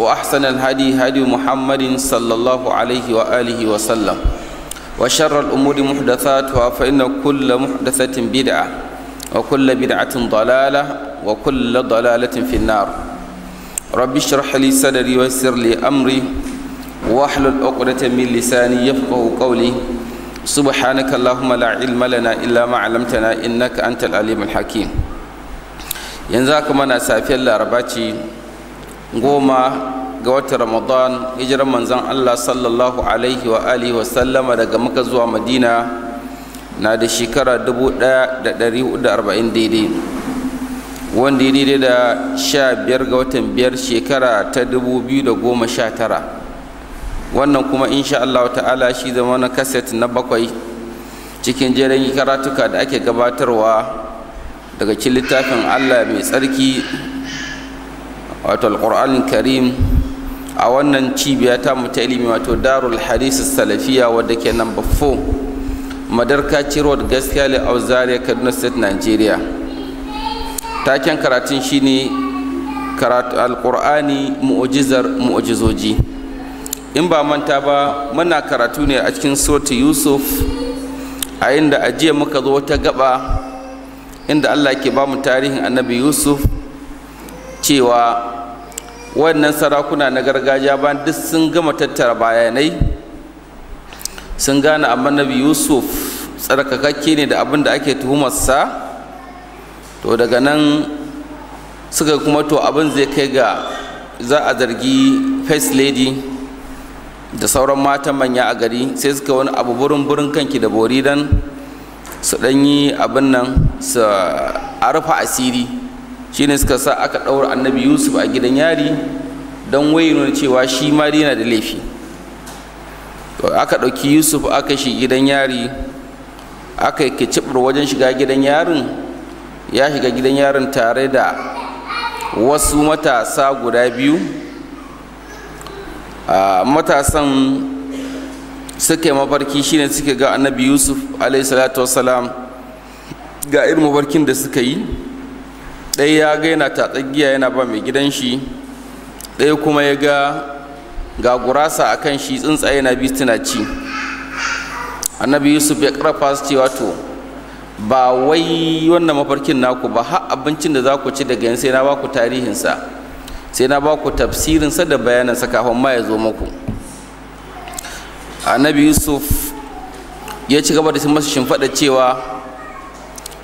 وأحسن الهدي هدي محمد صلى الله عليه وآله وسلم وشر الأمور محدثاتها فإن كل محدثة بدعة وكل بدعة ضلالة وكل ضلالة في النار رب اشرح لي صدري ويسر لي أمري واحلل عقدة من لساني يفقه قولي سبحانك اللهم لا علم لنا إلا ما علمتنا إنك أنت العليم الحكيم yanzu haka mana safiyar laraba ce goma ga watan ramadan hijirar manzan allah sallallahu alaihi wa alihi wa sallama daga maka zuwa madina na da shekara 1440 daidai wanda ya daidai da sha biyar ga watan biyar shekara ta 2019 wannan kuma insha allah ta'ala shi zama na kaset na bakwai cikin jerin karatuka da ake gabatarwa daga cikin littafin allah mai tsarki wato alƙur'anin karim a wannan cibiya ta muta ilimi wato darul hadisi salafiya wadda ke namba 4 madarkaci road gaskiya le zaria kaduna state nigeria taken karatun shine karatu alƙur'ani mu'ujizar mu'ujizoji in ba manta ba muna karatu ne a cikin soti yusuf a inda ajiye muka zo wata gaba inda allah ke ba mu tarihin annabi yusuf cewa wannan sarakuna na gargajiya bayan duk sun gama tattara bayanai sun gane amma nabi yusuf tsarkakakke ne da abin da ake tuhumarsa to daga nan suka kuma to abin zai kai ga za a zargi first lady da sauran matan manya a gari sai suka wani abu burin burin kanki da bori dan su ɗanyi abin nan su a rufe asiri ne suka sa aka ɗaura annabi yusuf a gidan yari don waye nuna cewa shi ma yana da laifi aka ɗauki yusuf aka shi gidan yari aka yi kicibir wajen shiga gidan yarin ya shiga gidan yarin tare da wasu matasa guda biyu matasan suka yi mafarki shine suka ga annabi yusuf alaihi salatu wasalam ga irin mafarkin da suka yi ɗaya ya ga yana tatsar giya yana ba mai gidan shi ɗaya kuma ya ga ga gurasa a kan shi tsuntsaye na bi tana ci annabi yusuf ya ƙarfa su cewa to ba wai wannan mafarkin naku ba har abincin da za ku ci daga yin sai na ba ku tarihinsa sai na ba ku tafsirinsa da bayanansa kafin ma ya zo muku annabi yusuf ya ci gaba da masa shimfaɗa cewa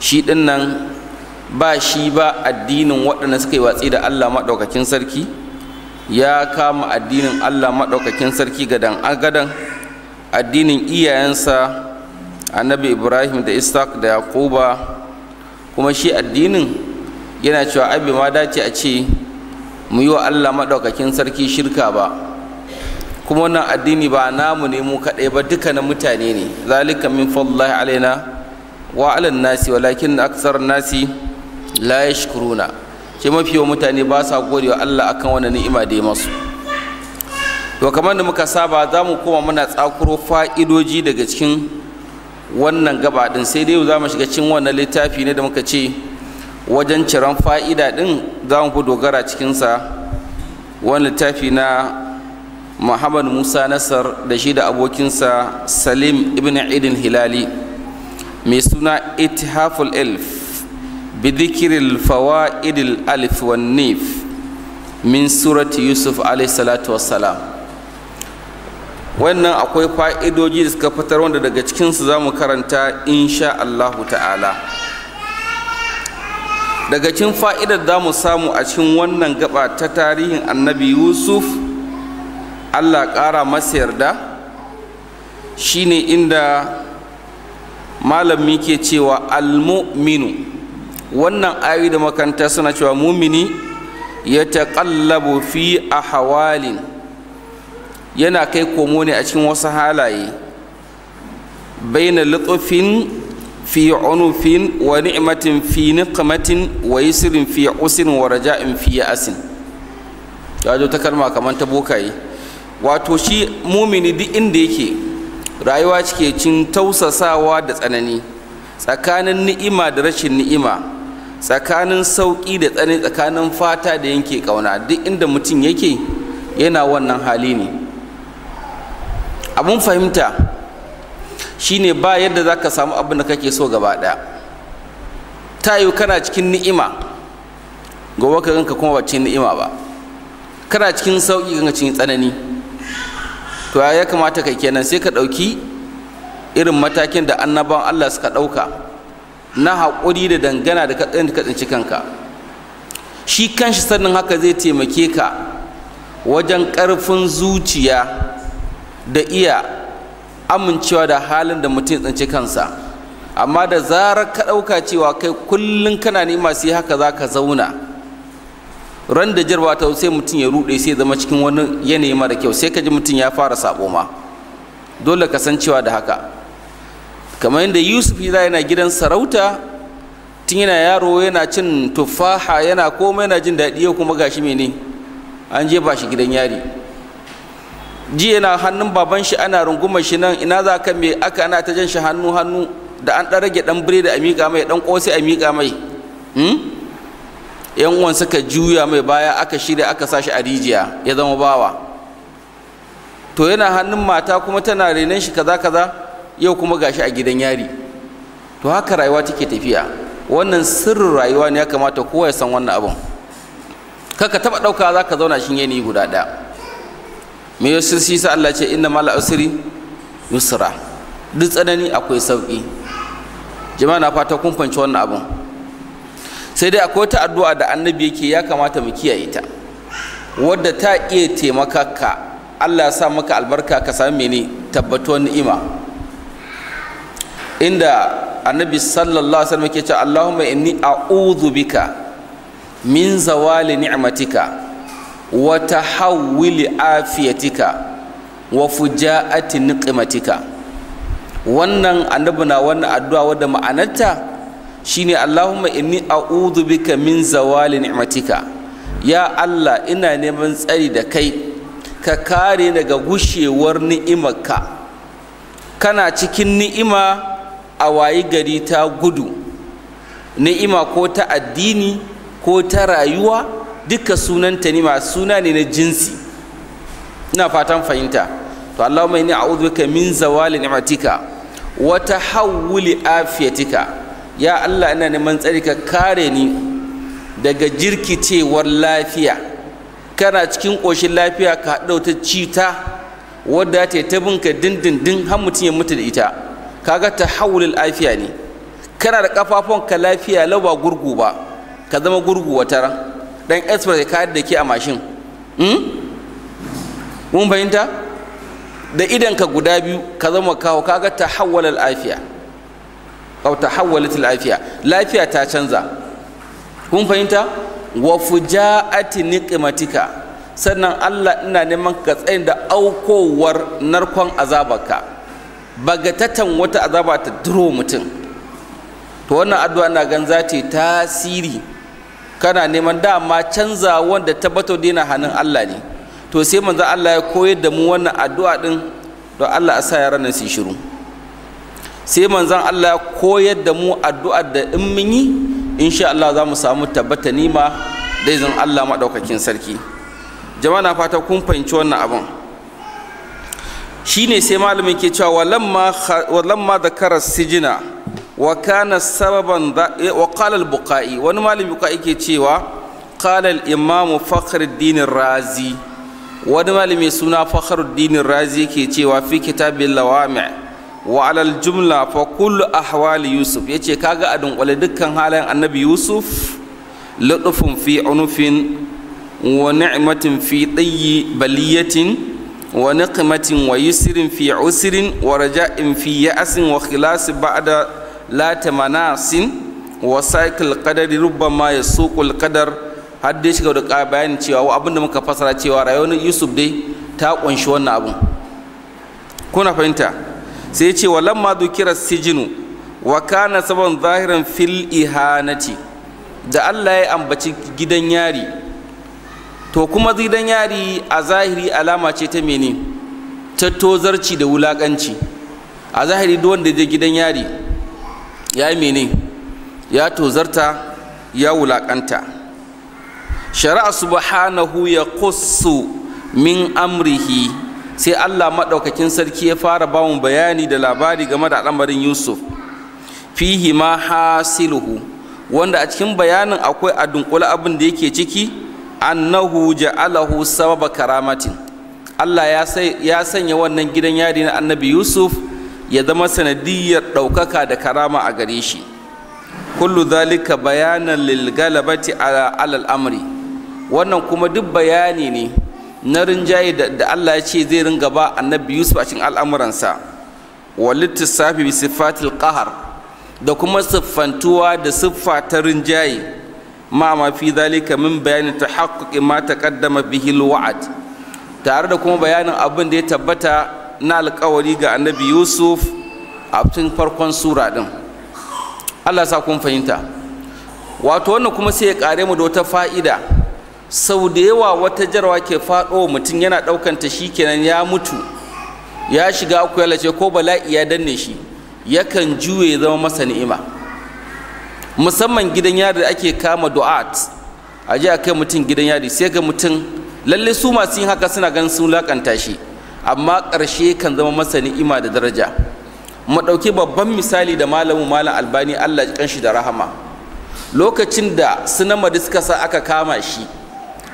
shi ɗin nan ba shi ba addinin waɗanda suka yi watsi da Allah maɗaukakin sarki ya kama addinin Allah maɗaukakin sarki gadan agadan addinin iyayensa annabi ibrahim da isaac da yaquba kuma shi addinin yana cewa abin ma dace a ce mu yi wa Allah maɗaukakin sarki shirka ba kuma wannan addini ba namu ne mu kaɗai ba na mutane ne zalika min fadlillahi alaina wa alannasi nasi walakin aksar nasi la ya yashkuruna ce mafi yawan mutane ba sa gode wa Allah akan wani ni'ima da ya masu to kamar da muka saba za mu koma muna tsakuro fa'idoji daga cikin wannan gaba din sai dai za mu shiga cikin wannan littafi ne da muka ce wajen ciran fa'ida din za mu fi dogara cikinsa wani littafi na muhammad musa nasar da shi da abokinsa salim ibn idin hilali mai suna ittihaful elf بذكر الفوائد الألف والنيف من سورة يوسف عليه الصلاة والسلام wannan akwai fa'idodi da suka fitar wanda daga cikinsu za mu karanta inshaAllahu ta'ala daga cikin fa'idar za mu samu a cikin wannan gaba ta tarihin annabi yusuf allah ƙara masa yarda shine inda malami ke cewa almu'minu wannan ayoyi da makanta suna cewa mumini ya taƙallabu fi a hawalin yana kai komo ne a cikin wasu halaye baina lutsufin fi onufin wa ni'matin fi niqmatin wa yusrin fi usrin wa raja'in fi ya'sin wato ta kalma kamar ta bokaye wato shi mumini duk inda yake rayuwa cike cin tausasawa da tsanani tsakanin ni'ima da rashin ni'ima tsakanin sauƙi da tsani tsakanin fata da yanke ƙauna duk inda mutum yake yana wannan hali ne abun fahimta shine ba yadda za ka samu abin da kake so gaba ɗaya ta yiwu kana cikin ni'ima gobe ka ganka kuma ba ni'ima ba kana cikin sauƙi ganka cikin tsanani to ya kamata ka kenan sai ka ɗauki irin matakin da annabawan allah suka ɗauka na haƙuri da dangana da kaɗan ka tsinci kanka shi kanshi sannan haka zai taimake ka wajen ƙarfin zuciya da iya amincewa da halin da mutum tsinci kansa amma da zarar ka ɗauka cewa kai kullum kana nema sai haka za ka zauna ran da jarba ta sai mutum ya ruɗe sai zama cikin wani yanayi mara kyau sai ka ji mutum ya fara sabo ma dole ka san cewa da haka kamar yadda yusuf yana gidan sarauta tun yana yaro yana cin tufaha yana komai yana jin daɗi yau kuma gashi mene an je ba shi gidan yari ji yana hannun baban shi ana rungumar shi nan ina za ka me aka ana ta jan shi hannu hannu da an ɗan rage ɗan bire da a miƙa mai ɗan ƙosai a miƙa mai hmm? yan uwan suka juya mai baya aka shirya aka sa shi a rijiya ya zama bawa to yana hannun mata kuma tana renon shi kaza kaza yau kuma gashi a gidan yari to haka rayuwa take tafiya wannan sirrin rayuwa ne ya kamata kowa ya san wannan abin kaka taba dauka za ka zauna shin ni guda ɗaya me yasir shi sa Allah ce inna mal usri yusra duk tsanani akwai sauki jama'a na fata kun fanci wannan abin sai dai akwai ta addu'a da annabi yake ya kamata mu kiyaye ta wadda ta iya taimaka ka Allah ya sa maka albarka ka sami mene tabbatuwar ni'ima inda annabi sallallahu alaihi wasallam ke cewa Allahumma inni a'udhu bika min zawali ni'matika wa tahawwili afiyatika wa fujaati niqmatika wannan annabi na wannan addu'a wadda ma'anarta shine Allahumma inni a'udhu bika min zawali ni'matika ya Allah ina neman tsari da kai ka kare daga gushewar ni'imarka kana cikin ni'ima a wayi gari ta gudu ni'ima ko ta addini ko ta rayuwa duka sunanta ma suna ne na jinsi ina fatan fahimta to Allahumma inni a'udhu bika min zawali ni'matika wa tahawuli afiyatika ya Allah ina neman tsari kare ni daga jirkicewar lafiya kana cikin ƙoshin lafiya ka haɗa wata cita wadda ta yi binka dindindin har mutum ya mutu da ita kaga haulil lafiya ne kana da kafafon ka lafiya lau ba gurgu ba ka zama gurgu wata ran dan express ka kayar da ke a mashin hmm? mun fahimta da idan ka guda biyu ka zama kawo kaga ta tahawwalal lafiya aw ta afiya lafiya lafiya ta canza kun fahimta wa fujaati niqmatika sannan Allah ina neman ka tsayin da aukowar narkon azabarka bagatatan wata azaba ta duro mutum to wannan addu'a na gan za ta tasiri kana neman dama canza wanda tabbato dina hannun Allah ne to sai manzo Allah ya koyar da mu wannan addu'a din don Allah a sa yaran nan su shiru sai manzon Allah ya koyar da mu addu'a da in mun yi insha Allah za mu samu tabbata nima da izin Allah madaukakin sarki jama'a na fata kun fahimci wannan abin Shi ne sai malamin ke cewa walamma da kara sijina wa kana sababan eh, wa qala buqai wani malami buqai ke cewa qala al-imam fakhruddin razi wani malami suna fakhruddin razi ke cewa fi kitabil lawami wa alal jumla fa kullu ahwali yusuf yace ga a kwale dukkan halayen annabi yusuf ludufun fi unufin wa ni'matin fi tayyi baliyatin wa niqmatin wa yusrin fi usrin wa raja'in fi ya'sin wa khilasi ba'da la tamanasin wa saqil qadari rubbama yasuqul qadar hadde shiga da bayani cewa abin da muka fasara cewa rayuwar Yusuf dai ta kunshi wannan abun kuna fahimta sai ce wa lamma dukira sijinu wa kana saban zahiran fil ihanati da Allah ya ambaci gidan yari to kuma zidan yari a zahiri alama ce ta mene ta tozarci da wulakanci a zahiri duk wanda je gidan yari ya yi mene ya tozarta ya wulakanta shari'a subhanahu ya kusu min amrihi sai allah maɗaukakin sarki ya fara bamu bayani da labari game da al'amarin yusuf fihi ma hasiluhu wanda a cikin bayanin akwai a dunkula abin da yake ciki annahu ja'alahu sababa karamatin Allah ya sanya wannan gidan yari na annabi Yusuf ya zama sanadiyyar ɗaukaka da karama a gare shi kullu zalika bayanan lil galabati ala alal amri wannan kuma duk bayani ne na rinjaye da Allah ya ce zai ringa ba annabi Yusuf a cikin al'amuransa walittisafi bi sifatil qahar da kuma siffantuwa da siffa ta rinjaye ma ma fi zalika min bayanin tahaqquqi ma taqaddama bihi alwa'd tare da kuma bayanin abin da ya tabbata na alƙawari ga annabi yusuf a cikin farkon sura din Allah sa kun fahimta wato wannan kuma sai ya kare mu da wata fa'ida sau da yawa wata jarawa ke faɗo mutum yana ɗaukanta shi kenan ya mutu ya shiga akuyalace ko bala'i ya danne shi yakan juye zama masa ni'ima musamman gidan yari da ake kama du'at a ji a kai mutum gidan yari sai ga mutum lalle su masu yin haka suna ganin sun lakanta shi amma ƙarshe kan zama masa ni'ima da daraja mu ɗauki babban misali da malamu malam albani allah kanshi da rahama lokacin da madu suka sa aka kama shi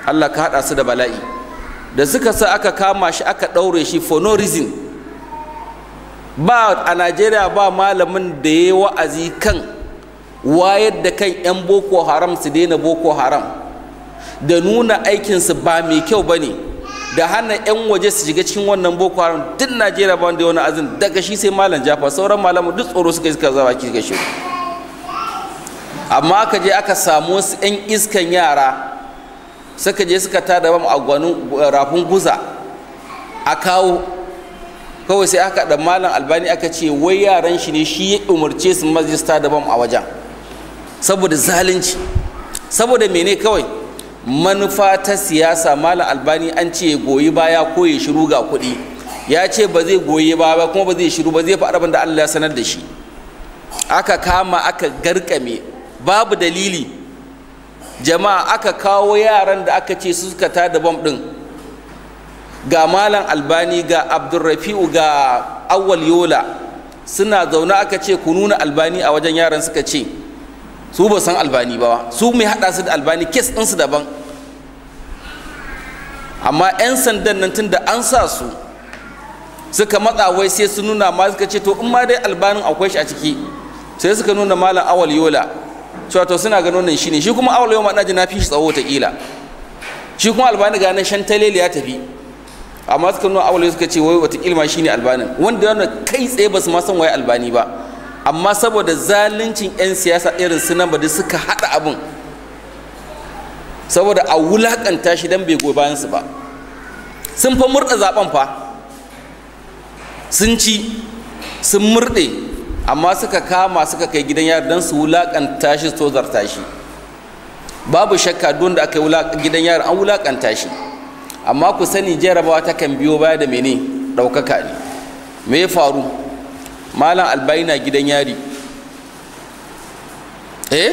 allah ka haɗa su da bala'i da suka sa aka kama shi aka ɗaure shi for no reason ba a najeriya ba malamin da ya wa'azi kan wayar da kan 'yan boko haram su daina boko haram da nuna aikinsu ba mai kyau ba ne da hana 'yan waje su shiga cikin wannan boko haram duk najeriya ba wanda ya wani azin daga shi sai malam jafa sauran malamu duk tsoro suka iska zaba ki shiga shi amma aka je aka samu wasu 'yan iskan yara suka je suka tada bam a rafin guza a kawo kawai sai aka da malam albani aka ce wai yaran shi ne shi ya umarce su majista da bam a wajen saboda zalunci saboda mene kawai manufa ta siyasa malam albani an ce ya goyi baya ko ya shiru ga kuɗi ya ce ba zai goyi baya ba kuma ba zai shiru ba zai fi arabin da Allah ya sanar da shi aka kama aka garkame babu dalili jama'a aka kawo yaran da aka ce su suka tada bom ɗin ga malam albani ga abdurrafi'u ga awwal yola suna zaune aka ce ku nuna albani a wajen yaran suka ce su ba san albani ba su mai hada su da albani kes din su daban amma 'yan sandan nan tun da an sa su suka matsa wai sai su nuna ma suka ce to in ma dai albanin akwai shi a ciki sai suka nuna malam awal yola cewa to suna ganin wannan shine shi kuma awal yola na ji na fi shi tsawo ta kila shi kuma albani ga nan talele ya tafi amma suka nuna awal yola suka ce wai wata kilma shine albanin wanda yana kai tsaye ba su ma san wai albani ba amma saboda zaluncin 'yan siyasa irin su nan da suka haɗa abin saboda a wulaƙanta shi don bai goyi bayan su ba sun fa murɗa zaben fa sun ci sun murɗe amma suka kama suka kai gidan yari don su wulaƙanta shi su zarta shi babu shakka don da aka yi gidan yari an wulaƙanta shi amma ku sani jarabawa ta kan biyo baya da mene ɗaukaka ne me ya faru malam albani na gidan yari eh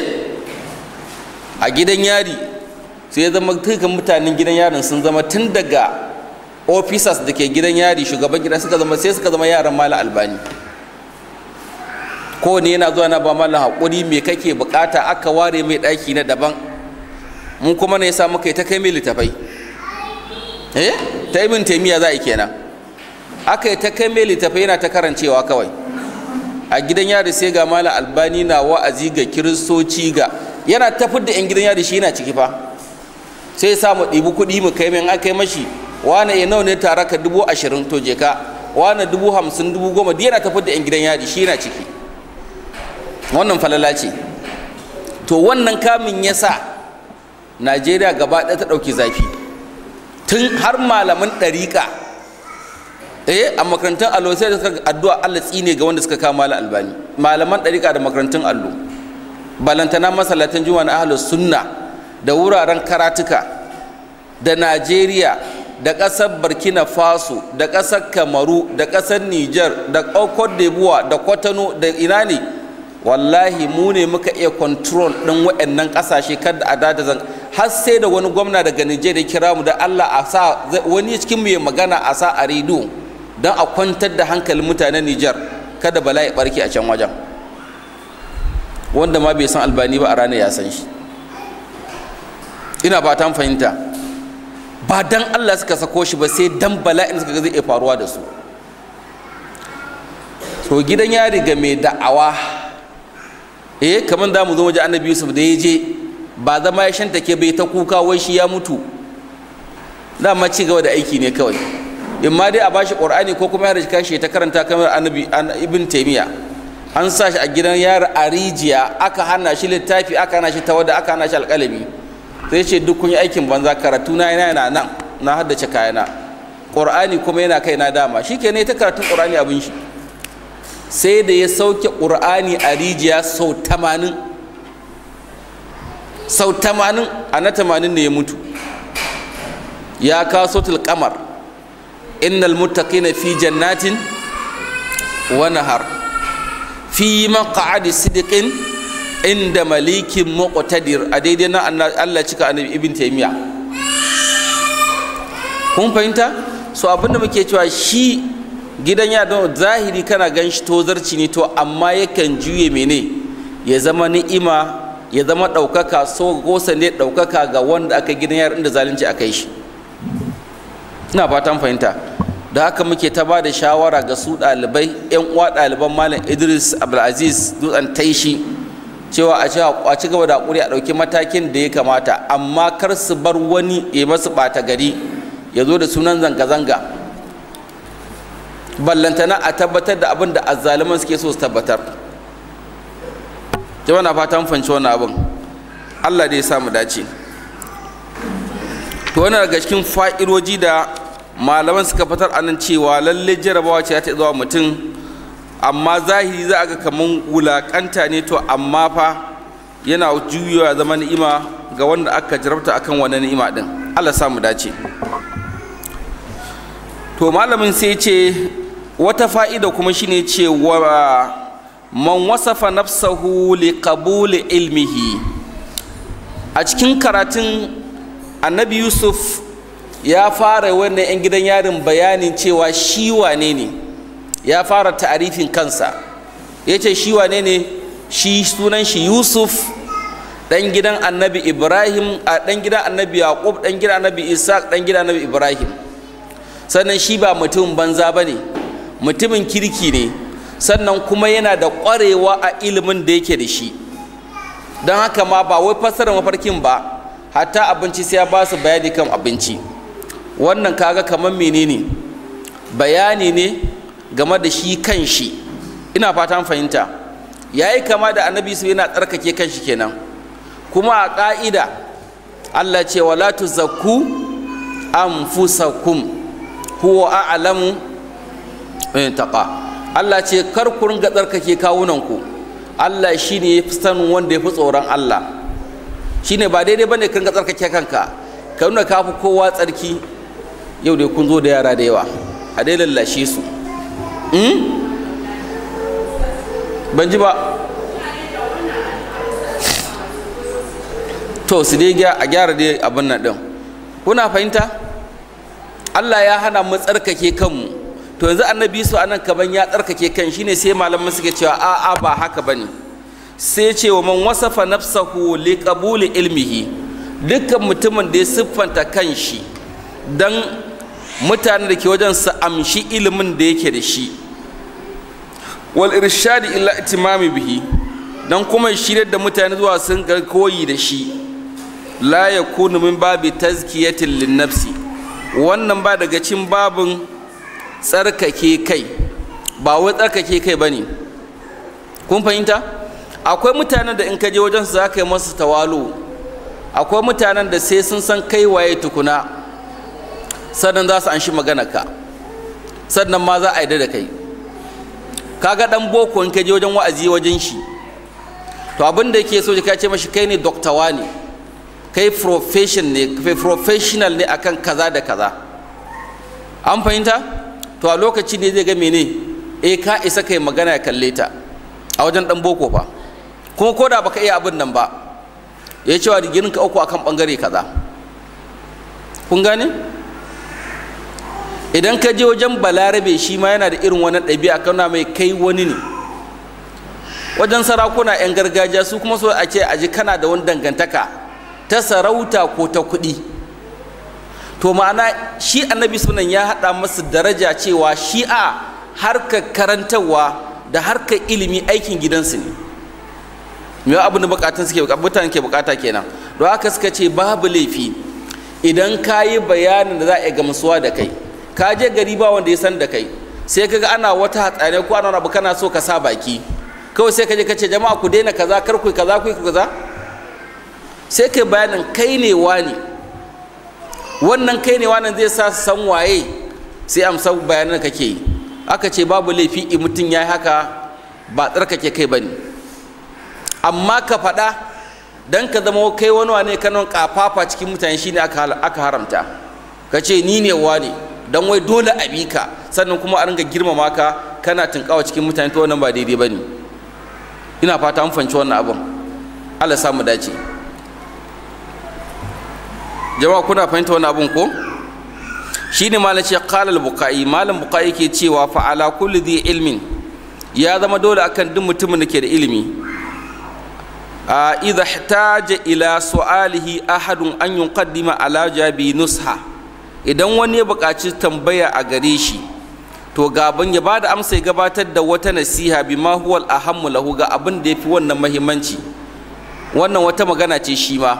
a gidan yari sai ya zama dukkan mutanen gidan yarin sun zama tun daga officers da ke gidan yari shugaban gida suka zama sai suka zama yaran malam albani kowane yana zuwa na ba malam haƙuri me kake bukata aka ware mai ɗaki na daban mun kuma ne ya muka yi ta kai mai littafai eh ta ibn taimiya za a yi kenan aka yi ta kai mai littafai yana ta karancewa kawai a gidan yari sai ga mala albani na wa'azi ga kiristoci ga yana tafar da 'yan gidan yari shi yana ciki fa sai sa mu ɗibi kuɗi mu kai min aka mashi wani ya nawa ne tara ka dubu ashirin to je ka wani dubu hamsin dubu goma duk yana tafar da 'yan gidan yari shi yana ciki wannan falala ce to wannan kamin ya sa najeriya gaba ɗaya ta ɗauki zafi tun har malamin ɗariƙa eh a makarantar allo sai da suka addu'a Allah tsine ga wanda suka kama mala albani malaman ɗarika da makarantun allo balantana masallatan juma'a na ahlus sunna da wuraren karatuka da Najeriya da ƙasar Burkina Faso da ƙasar Kamaru da ƙasar Niger da Cote d'Ivoire da Kwatano da ina ne wallahi mu ne muka iya control din waɗannan ƙasashe kada a dada zan har sai da wani gwamna daga Nijar ya kira mu da Allah a sa wani cikin mu ya magana a sa a rediyo don a kwantar da hankalin mutanen nijar kada Bala ya barke a can wajen wanda ma bai san albani ba a ranar ya san shi ina ba ta fahimta ba dan allah suka sako shi ba sai dan Bala in suka zai faruwa da su to gidan yari ga mai da'awa eh kamar da mu zo waje annabi yusuf da ya je ba zama ya shantake bai ta kuka wai shi ya mutu dama ci gaba da aiki ne kawai in ma dai a bashi ƙur'ani ko kuma yaro shi ta karanta kamar annabi ibn taymiya an sa shi a gidan yara a rijiya aka hana shi littafi aka hana shi tawada aka hana shi alƙalami sai ce duk kun yi aikin banza karatu na yana nan na haddace kayana Ƙur'ani kuma yana kai na dama shi ke ne ta karatun ƙur'ani abin shi sai da ya sauke ƙur'ani a rijiya sau tamanin sau tamanin a na tamanin ne ya mutu ya kaso kamar innal muttaqina fi jannatin wa nahar fi maq'adi sidiqin inda malikin muqtadir a daidai na Allah cika annabi ibn taymiya kun fahimta so abinda muke cewa shi gidan yadon zahiri kana gan shi zarci ne to amma yakan juye mene ya zama ni'ima ya zama ɗaukaka so gosa ne ɗaukaka ga wanda aka gidan yar inda zalunci aka yi shi ina fatan fahimta da haka muke ta ba da shawara ga su ɗalibai yan uwa ɗaliban malam idris abdulaziz dutsen taishi cewa a cewa a ci gaba da hakuri a ɗauki matakin da ya kamata amma kar su bar wani ya masu ɓata gari ya zo da sunan zanga-zanga ballantana a tabbatar da abin da azzaliman suke so su tabbatar jama'a na fatan fanci wannan abin allah da ya samu dace to wani daga cikin fa'iroji da malaman suka fitar anan cewa lalle jarabawa ce ta zuwa mutum amma zahiri za a ga kaman wulakanta ne to amma fa yana juyowa zama ni'ima ga wanda aka jarabta akan wani ni'ima din Allah samu dace to malamin sai ce wata fa'ida kuma shine cewa man wasafa nafsahu qabuli ilmihi a cikin karatun annabi yusuf ya fara wannan 'yan gidan yarin bayanin cewa shi wane ne ya fara ta'arifin kansa ya ce shi wane ne shi sunan shi yusuf ɗan gidan annabi ibrahim a ɗan gidan annabi yaqub ɗan gidan annabi isaac ɗan gidan annabi ibrahim sannan shi ba mutumin banza ba ne mutumin kirki ne sannan kuma yana da ƙwarewa a ilimin da yake da shi don haka ma ba wai fassarar mafarkin ba hatta abinci sai ya ba su bayani kan abinci wannan kaga kamar menene bayani ne game da shi kan shi ina fatan fahimta Yayi kama da annabi su yana tsarkake kan shi kenan kuma a ƙa'ida allah ce wala tuzakku anfusakum huwa a'lamu in taqa allah ce kar ku ringa tsarkake kawunanku allah ne ya fi sanin wanda ya fi tsoron allah shine ba daidai bane ka ringa tsarkake kanka ka nuna ka kowa tsarki yau dai kun zo da yara da yawa a dai lallashe su hmm? ban ji ba to su dai a gyara dai abin nan ɗin kuna fahimta allah ya hana mu tsarkake kanmu to yanzu annabi su anan kaban ya tsarkake kan shine sai malaman suke cewa a ba haka bane sai ce wa man wasafa nafsahu li qabuli ilmihi dukkan mutumin da ya siffanta kanshi dan mutane da ke wajen su amshi ilimin da yake da shi wal irshadi ila itimami bihi dan kuma shirya da mutane zuwa sun koyi da shi la yakunu min babi tazkiyatin linnafsi wannan ba daga cin babin tsarkake kai ba wai tsarkake kai bane kun fahimta akwai mutanen da in ka je wajen su za ka yi masu tawalo akwai mutanen da sai sun san kai waye tukuna sannan za su anshi ka sannan ma za a yi da kai kaga dan boko in ka je wajen wa'azi wajen shi to abin da yake so ka ce mashi kai ne doctor ne kai professional ne akan kaza da kaza an fahimta to a lokaci ne zai ga mene e ka isa kai magana ya kalle ta a wajen dan boko fa kuma ko da baka iya abin nan ba ya cewa digirin ka uku akan bangare kaza kun gane idan ka je wajen balarabe shi ma yana da irin wani ɗabi'a kana mai kai wani ne wajen sarakuna 'yan gargajiya su kuma so a ce aji kana da wani dangantaka ta sarauta ko ta kuɗi to ma'ana shi annabi sunan ya haɗa masu daraja cewa shi'a harkar karantarwa da harkar ilimi aikin gidansu ne me abin da bukatun suke bukata ke bukata kenan don haka suka ce babu laifi idan ka yi bayanin da za a gamsuwa da kai ka je gari ba wanda ya san da kai sai kaga ana wata hatsari ko ana abu kana so ka sa baki kawai sai ka je ka ce jama'a ku daina kaza kar ku kaza ku kaza sai kai bayanin kai ne wani wannan kai ne wani zai sa san waye sai amsa bayanan kake yi aka ce babu laifi in mutum ya yi haka ba tsarkake kai ba ne amma ka faɗa dan ka zama kai wani wane kanon kafafa cikin mutane shine aka haramta ka ce ni ne wani don wai dole a bi ka sannan kuma a ringa girmama ka kana tunkawa cikin mutane to wannan ba daidai ba ne ina fata an fanci wannan abin allah sa mu dace jama'a kuna fahimta wannan abin ko Shi ne malam ce kalal al malam bukai ke cewa fa'ala ala kulli dhi ilmin ya zama dole akan duk mutumin da ke da ilimi a idha ila su'alihi ahadun an yunqaddima ala jabi nusha idan wani ya buƙaci tambaya a gare shi to gaban ya ba da amsa ya gabatar da wata nasiha bi mahuwal a ahammu lahu ga abin da ya fi wannan mahimmanci wannan wata magana ce shi ma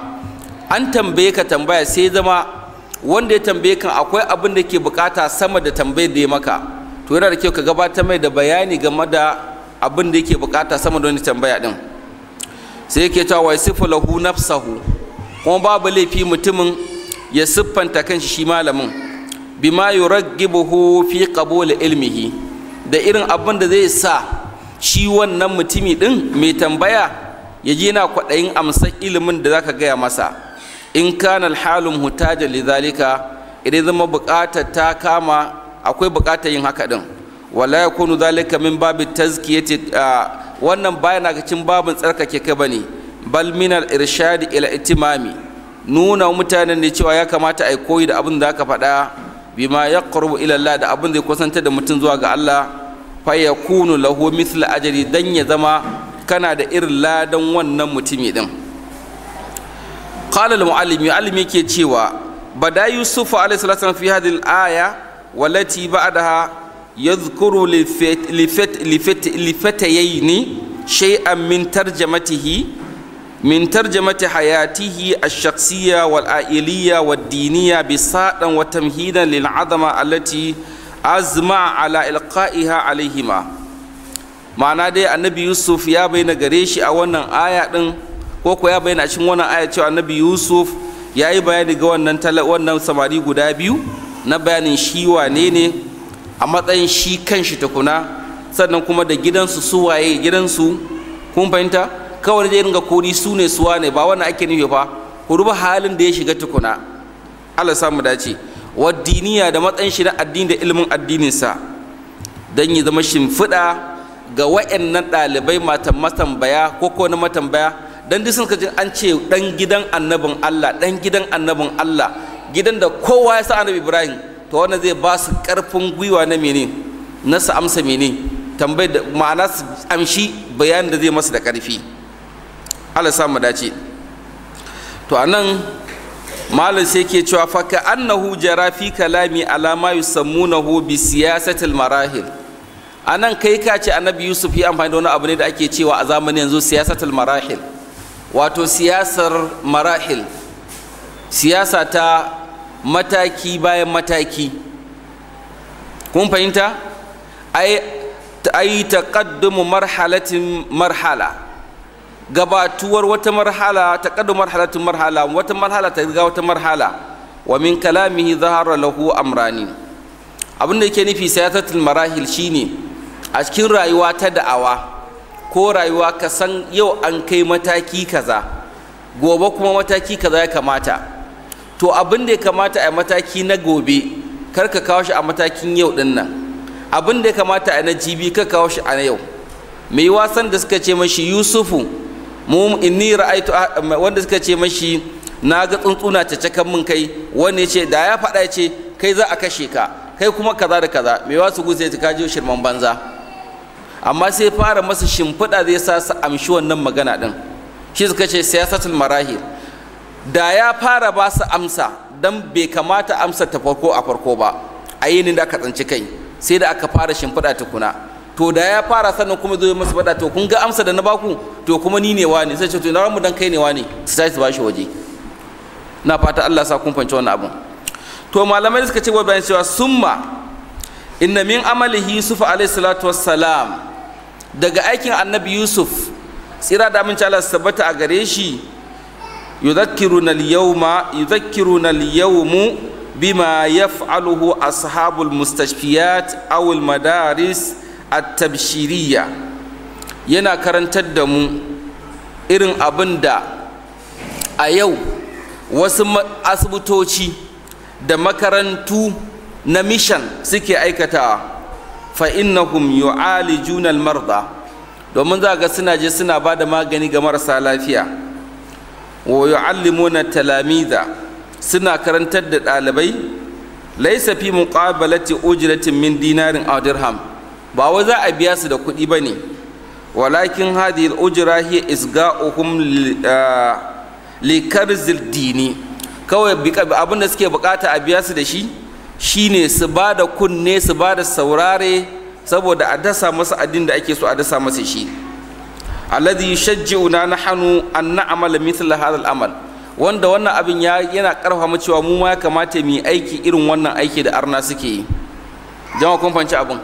an tambaye ka tambaya sai zama wanda ya tambaye kan akwai abin da ke bukata sama da tambayar da ya maka to yana da kyau ka gabatar mai da bayani game da abin da yake bukata sama da wani tambaya din sai yake cewa wa lahu nafsahu kuma babu laifi mutumin ya siffanta kan shi malamin bima yuraggibuhu fi qabul ilmihi da irin abin da zai sa shi wannan mutumi din mai tambaya ya ji yana kwaɗayin amsar ilimin da zaka gaya masa in kana alhalum hutaja lidhalika idan zama buƙatar ta kama akwai buƙatar yin haka din wala yakunu zalika min babi tazkiyati wannan baya na cikin babin tsarkake kai bane bal min al irshadi ila itimami nuna mutanen ne cewa ya kamata a koyi da abin da aka faɗa bima ya ƙarbu ilallah da abin da ya kusantar da mutum zuwa ga Allah fa ya kunu lahu misla ajari dan ya zama kana da irin ladan wannan mutumi din qala almuallim muallim ke cewa bada yusufu alayhi salatu fi hadhihi al ba'daha yadhkuru li fat li fat li fatayni shay'an min tarjamatihi من ترجمة حياته الشخصية والعائلية والدينية بساطا وتمهيدا للعظمة التي أزمع على إلقائها عليهما ma'ana dai annabi yusuf ya bayyana gare shi a wannan aya din ko ko ya bayyana cikin wannan aya cewa annabi yusuf Yayi yi bayani ga wannan wannan samari guda biyu na bayanin shi wane ne a matsayin shi kanshi tukuna sannan kuma da gidansu su waye gidansu kun fahimta kawai zai ringa kori su ne suwa ne ba wannan ake nufi fa ku ruba halin da ya shiga tukuna Allah sa mu dace waddiniya da matsayin shi na addini da ilimin addinin sa dan ya zama shimfiɗa ga wayannan ɗalibai matan matambaya ko ko na matambaya dan duk sun ka an ce dan gidan annabin Allah dan gidan annabin Allah gidan da kowa ya san annabi Ibrahim to wannan zai ba su karfin gwiwa na mene na su amsa mene tambayar ma'ana su amshi bayanin da zai masa da karfi Allah samu dace to anan malam sai ke cewa faka annahu jara fi kalami alama yusammunahu bi siyasatil marahil anan kai ka ce annabi yusuf ya amfani da wani abu ne da ake cewa a zamanin yanzu siyasatil marahil wato siyasar marahil siyasa ta mataki bayan mataki kun fahimta ai taqaddumu marhalatin marhala gabatuwar wata marhala ta kadu marhalatun marhala wata marhala ta ga wata marhala wa min kalamihi zahara lahu amrani abin da yake nufi sayatatul marahil shine a cikin rayuwa ta da'awa ko rayuwa ka san yau an kai mataki kaza gobe kuma mataki kaza ya kamata to abin da ya kamata a mataki na gobe kar ka kawo shi a matakin yau din nan abin da ya kamata a na jibi ka kawo shi a yau mai wasan da suka ce mashi yusufu mu inni ra'aitu wanda suka ce mashi na ga tsuntsuna ta cakan min kai wani ce da ya faɗa ce kai za a kashe ka kai kuma kaza da kaza me wa su guze ka je shirman banza amma sai fara masa shimfiɗa zai sa su amshi wannan magana din shi suka ce siyasatul marahil da ya fara ba su amsa dan bai kamata amsa ta farko a farko ba a yinin da aka tsinci kai sai da aka fara shimfiɗa tukuna to da ya fara sannan kuma zo masu faɗa to kun ga amsa da na baku to kuma ni ne wani sai ce to na mu dan kai ne wani su tashi su bashi waje na fata Allah sa kun fanci wannan abun to malamai suka ce bayan cewa summa inna min amalihi yusuf alayhi salatu wassalam daga aikin annabi yusuf tsira da mun Allah sabbata a gare shi yuzakkiruna al-yawma yuzakkiruna al-yawmu bima yaf'aluhu ashabul mustashfiyat aw al-madaris a tabshiriya yana karantar da mu irin abin da a yau wasu asibitoci da makarantu na mishan suke aikatawa fa innahum yu'alijuna al-marda domin za ga suna je suna ba da magani ga marasa lafiya wa yu'allimuna talamiza suna karantar da ɗalibai laisa fi muqabalati ujratin min dinarin aw dirham ba wai za a biya su da kuɗi ba ne walakin hadi ujira hi isga'uhum likarzil ah, dini kawai abin da suke bukata a biya su da shi shine su ba da kunne su ba da saurare saboda a dasa masa addin da ake so a dasa masa shi alladhi yashji'una nahnu an na'mal mithla hadha al-amal wanda wannan abin ya yana karfa mu cewa mu ma ya kamata mu yi aiki irin wannan aiki da arna suke yi jama'a kun fanci abin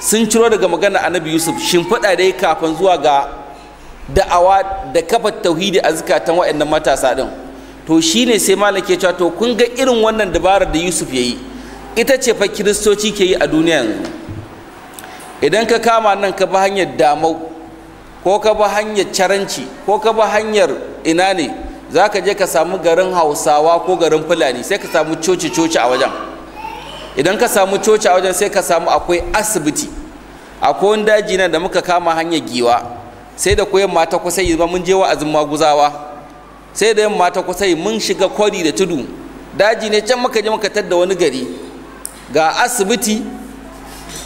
sun ciro daga magana annabi yusuf shimfiɗa dai kafin zuwa ga da'awa da kafa tauhidi a zukatan waɗannan matasa ɗin to shine sai malam ke cewa to kun ga irin wannan dabarar da yusuf ya yi ita ce fa kiristoci ke yi a duniya yanzu idan ka kama nan ka bi hanyar damau ko ka bi hanyar caranci ko ka bi hanyar ina ne za ka je ka samu garin hausawa ko garin fulani sai ka samu coci-coci a wajen idan ka samu coci a wajen sai ka samu akwai asibiti akwai wani daji nan da muka kama hanyar giwa sai da koyan mata kusa yi mun je wa'azin maguzawa sai da yin mata kusa mun shiga kwari da tudu daji ne can muka je muka tadda wani gari ga asibiti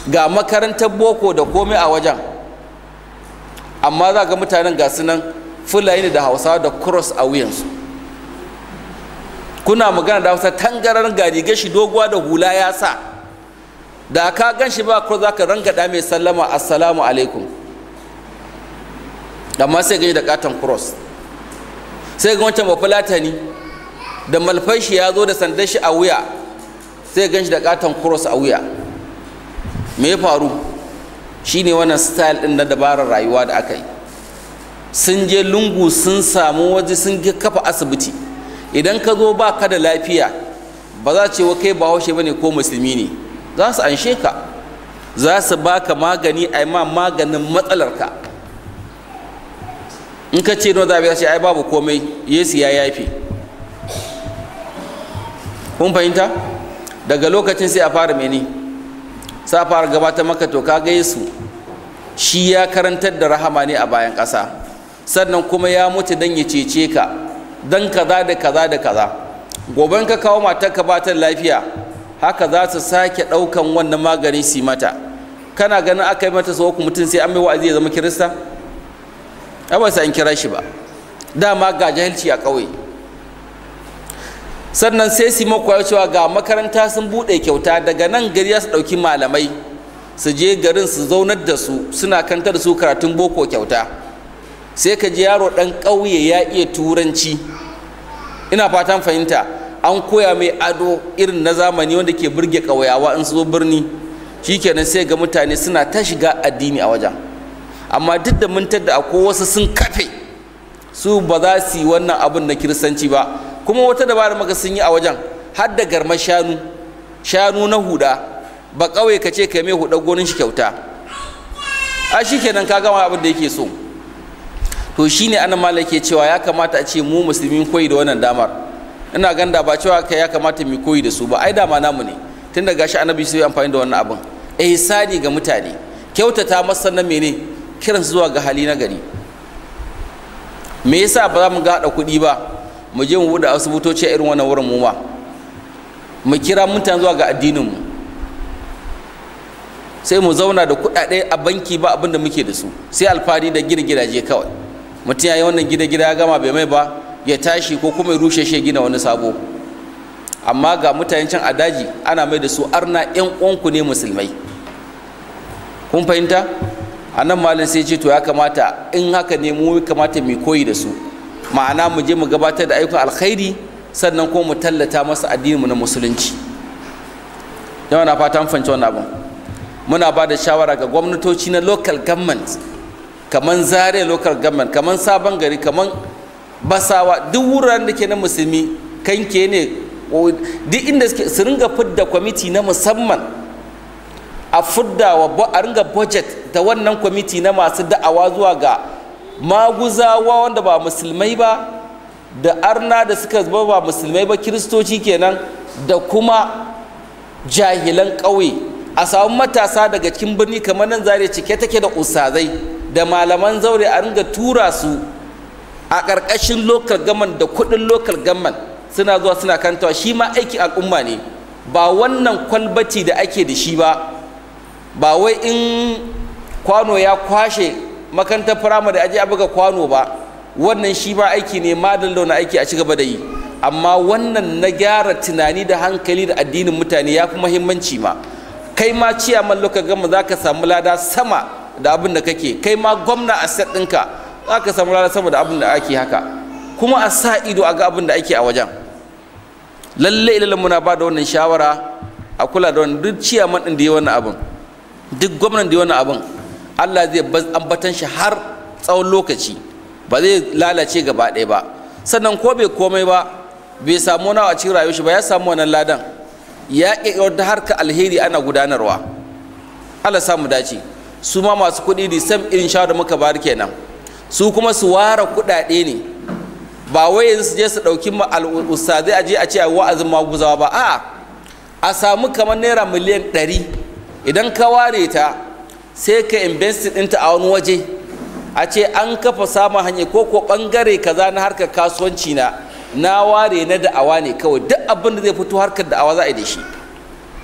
ga makarantar boko da komai a wajen amma za ga mutanen ga sunan fulani da hausawa da cross a wuyansu kuna magana da hausa tangaran gari gashi doguwa da hula ya sa da ka gan shi ba ko za ka da mai sallama assalamu alaikum amma sai gani da katon cross sai ga wancan bafulata ni da malfan shi ya zo da sandan shi a wuya sai gan shi da katon cross a wuya me ya faru shine wannan style din na dabarar rayuwa da aka yi sun je lungu sun samu waje sun kafa asibiti idan ka zo ba ka da lafiya ba za ce wa kai haushe ba ne ko musulmi ne za su anshe ka za su baka magani a ma maganin matsalarka in ka ce no za a ce ai babu komai yesu ya yafe kun fahimta daga lokacin sai a fara meni sa fara gabatar maka to ka ga yesu shi ya karantar da rahama ne a bayan ƙasa sannan kuma ya mutu don ya cece ka dan kaza da kaza da kaza goben ka kawo matar ka batar lafiya haka za su sake ɗaukan wannan magani su mata kana ganin aka yi mata sauku mutum sai an mai wa'azi ya zama kirista a ba sa in kira shi ba dama ga jahilci a ƙauye sannan sai su makwai cewa ga makaranta sun buɗe kyauta daga nan gari su ɗauki malamai su je garin su zaunar da su suna kantar da su karatun boko kyauta sai ka ji yaro ɗan ƙauye ya iya turanci ina fatan fahimta an koya mai ado irin na zamani wanda ke burge ƙauyawa in su birni shikenan sai ga mutane suna ta shiga addini a wajen amma duk da mun tadda ko wasu sun kafe su ba za su yi wannan abin na kiristanci ba kuma wata dabara maka sun yi a wajen har da garma shanu shanu na huda ba ƙauye ka ce ka mai huda gonin shi kyauta a shikenan ka gama abin da yake so to shi shine ana malaki cewa ya kamata a ce mu musulmin koyi da wannan damar ina ganda ba cewa kai ya kamata mu koyi da su ba ai dama namu ne tun da gashi annabi sai amfani da wannan abin ihsani ga mutane kyautata masa na mene kiran zuwa ga hali na gari me yasa ba za mu ga kuɗi ba mu je mu buɗe asibitoci irin wannan wurin mu ma mu kira mutane zuwa ga addinin mu sai mu zauna da kuɗaɗe a banki ba abin da muke da su sai alfahari da gina gidaje kawai mutum ya yi wannan gida gida ya gama bai mai ba ya tashi ko kuma ya rushe shi gina wani sabo amma ga mutane can a daji ana mai da su arna yan uwanku ne musulmai kun fahimta a nan malin sai ce to ya kamata in haka ne mu kamata mu koyi da su ma'ana mu je mu gabatar da aikin alkhairi sannan kuma mu tallata masa mu na musulunci yawa na fatan fahimci wannan abin muna ba da shawara ga gwamnatoci na local government kamar zare local government kamar sabon gari kamar basawa duk wuraren da ke na musulmi kanke ne duk inda su ringa fidda kwamiti na musamman a fidda wa a ringa budget da wannan kwamiti na masu da'awa zuwa ga maguzawa wanda ba musulmai ba da arna da suka zuba ba musulmai ba kiristoci kenan da kuma jahilan ƙauye a samu matasa daga cikin birni kamar nan zare cike take da usazai da malaman zaure a ringa tura su a ƙarƙashin lokal gaman da kuɗin lokal gaman suna zuwa suna kantawa shi ma aiki al'umma ne ba wannan kwalbati da ake da shi ba ba wai in kwano ya kwashe makantar firamare aje a buga kwano ba wannan shi ma aiki ne da aiki a ci gaba da yi amma wannan na gyara tunani da hankali da addinin mutane ya fi muhimmanci ma kai ma ciyaman lokal gama za ka samu lada sama da abin da kake kai ma gwamna a set ɗinka za ka samu rana saboda abin da ake haka kuma a sa ido a ga abin da ake a wajen Lallai ilalin muna ba da wannan shawara a kula da wannan duk ciya ɗin da ya wannan abin duk gwamnan da ya wannan abin Allah zai ambatan shi har tsawon lokaci ba zai lalace gaba ɗaya ba sannan ko bai komai ba bai samu wani a cikin rayuwar shi ba ya samu wannan ladan ya ƙi wata harka alheri ana gudanarwa Allah samu dace su ma masu kuɗi da sam irin sha da muka bar kenan su kuma su ware kuɗaɗe ne ba wai yanzu su je su ɗauki ustazai a je a ce a wa'azin maguzawa ba a'a a samu kamar naira miliyan ɗari idan ka ware ta sai ka invest ɗinta a wani waje a ce an kafa samun hanyar ko ko ɓangare kaza na harkar kasuwanci na na ware na da'awa ne kawai duk abin da zai fito harkar da'awa za a yi da shi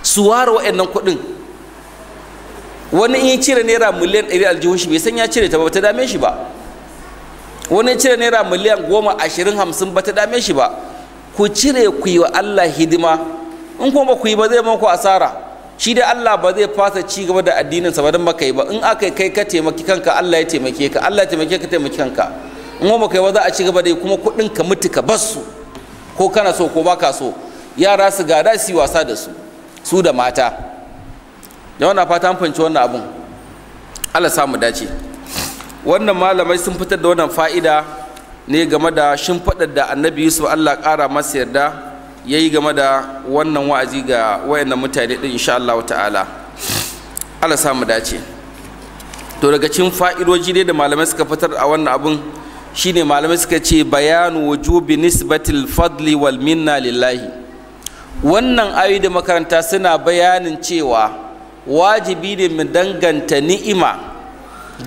su ware waɗannan kuɗin wani in cire naira miliyan ɗari aljihun shi bai san ya cire ta ba ta dame shi ba wani cire naira miliyan goma ashirin hamsin ba ta dame shi ba ku cire ku yi wa allah hidima in kuma ba ku yi ba zai maku asara shi da allah ba zai fasa ci gaba da sa ba don baka yi ba in aka kai ka taimaki kanka allah ya taimake ka allah ya taimake ka taimaki kanka in kuma ba kai ba za a ci gaba da kuma kuɗin ka mutu ka bar su ko kana so ko baka so yara su gada su yi wasa da su su da mata yau na fata an fahimci wannan abun allah samu dace wannan malamai sun fitar da wannan fa'ida ne game da shimfiɗar da annabi yusuf allah ƙara masa yarda ya yi game da wannan wa'azi ga wayannan mutane ɗin insha allah ta'ala allah samu dace to daga cikin fa'idoji ne da malamai suka fitar a wannan abun shine malamai suka ce bayanu wujubi nisbatil fadli wal minna lillahi wannan ayi da makaranta suna bayanin cewa wajibi ne mu danganta ni'ima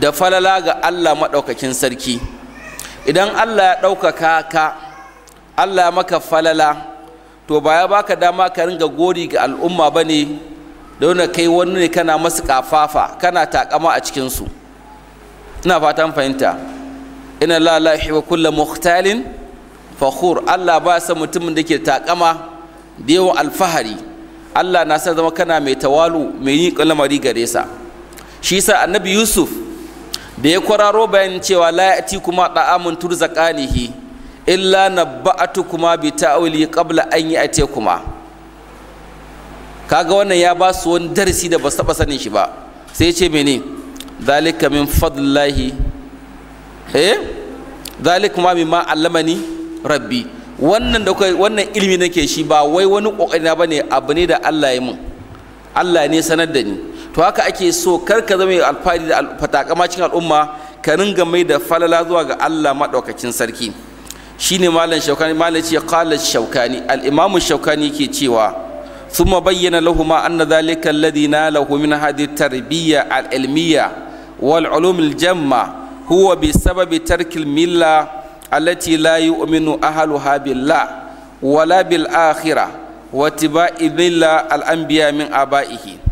da falala ga Allah maɗaukakin sarki idan Allah ya ɗaukaka ka Allah ya maka falala to ba ya baka dama ka ringa gori ga al'umma ba ne don kai wani ne kana masu kafafa kana takama a cikinsu ina fatan fahimta ina lalahi wa kulla muhtalin fakhur Allah ba sa mutumin da ke takama da yawan alfahari Allah na sa zama kana mai tawalu mai yi lamari gare sa shi sa annabi Yusuf da ya kwararo bayan cewa la ya'ti kuma da'amun turzaqanihi illa nabba'atu kuma bi ta'wili qabla an ya'ti kuma kaga wannan ya ba su wani darasi da ba su taba sanin shi ba sai ya ce mene zalika min fadlillahi eh zalika ma mimma allamani rabbi wannan da wannan ilimi nake shi ba wai wani kokari na bane abu ne da Allah ya mun Allah ne sanar da ni to haka ake so kar ka zama alfahari da fatakama cikin al'umma ka ringa mai da falala zuwa ga Allah madaukakin sarki shine malam shaukani malam ce qala shaukani al-imamu shaukani ke cewa ثم بين لهما أن ذلك الذي ناله من هذه التربية العلمية والعلوم الجمة هو بسبب ترك الملة التي لا يؤمن أهلها بالله ولا بالآخرة واتباع ذل الأنبياء من آبائه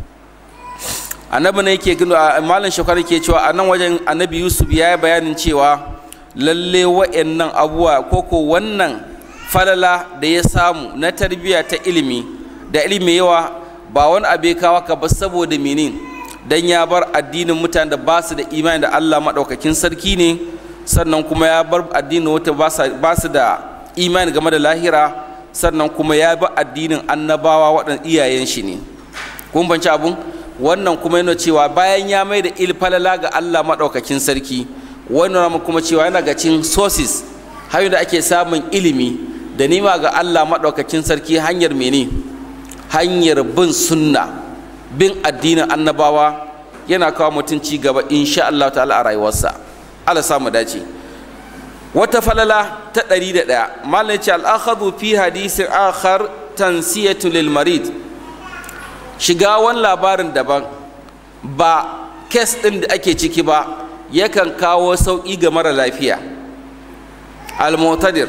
annabi ne yake gina malam shekara ke cewa a nan wajen annabi yusuf ya yi bayanin cewa lalle wa'annan abuwa koko wannan falala da ya samu na tarbiyya ta ilimi da ilimi yawa ba wani abe kawa ka ba saboda minin dan ya bar addinin mutanen da ba su da imani da allah maɗaukakin sarki ne sannan kuma ya bar addinin wata ba su da imani game da lahira sannan kuma ya bi addinin annabawa waɗanda iyayen shi ne kun banci abun wannan kuma yana cewa bayan ya mai da ilfalala ga Allah maɗaukakin sarki wannan kuma cewa yana ga cin sources hanyar da ake samun ilimi da nima ga Allah maɗaukakin sarki hanyar mene hanyar bin sunna bin addinin annabawa yana kawo mutum ci gaba insha Allah ta'ala a rayuwarsa ala samu dace wata falala ta ɗari da ɗaya malam ce al'akhadhu fi hadisin akhar tansiyatu lil marid shiga wani labarin daban ba kes ɗin da ake ciki ba yakan kawo sauƙi ga mara lafiya al-mu'tadir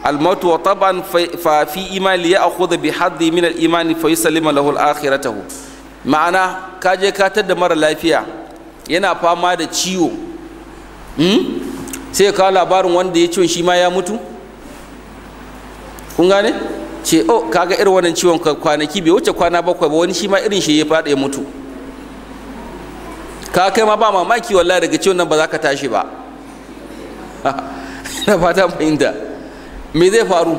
الموت bi ففي إيمان ليأخذ بحظ من الإيمان فيسلم له الآخرته ma'ana ka je ka tada mara lafiya yana fama da ciwo Hmm? sai ka labarin wanda ya ciwon shi ma ya mutu kun gane ce o oh, kaga irin wannan ciwon kwanaki bai wuce kwana bakwai ba wani shi ma irin shi ya faɗa ya mutu ka kai ma ba mamaki wallahi daga ciwon nan ba za ka tashi ba na fata fahimta me zai faru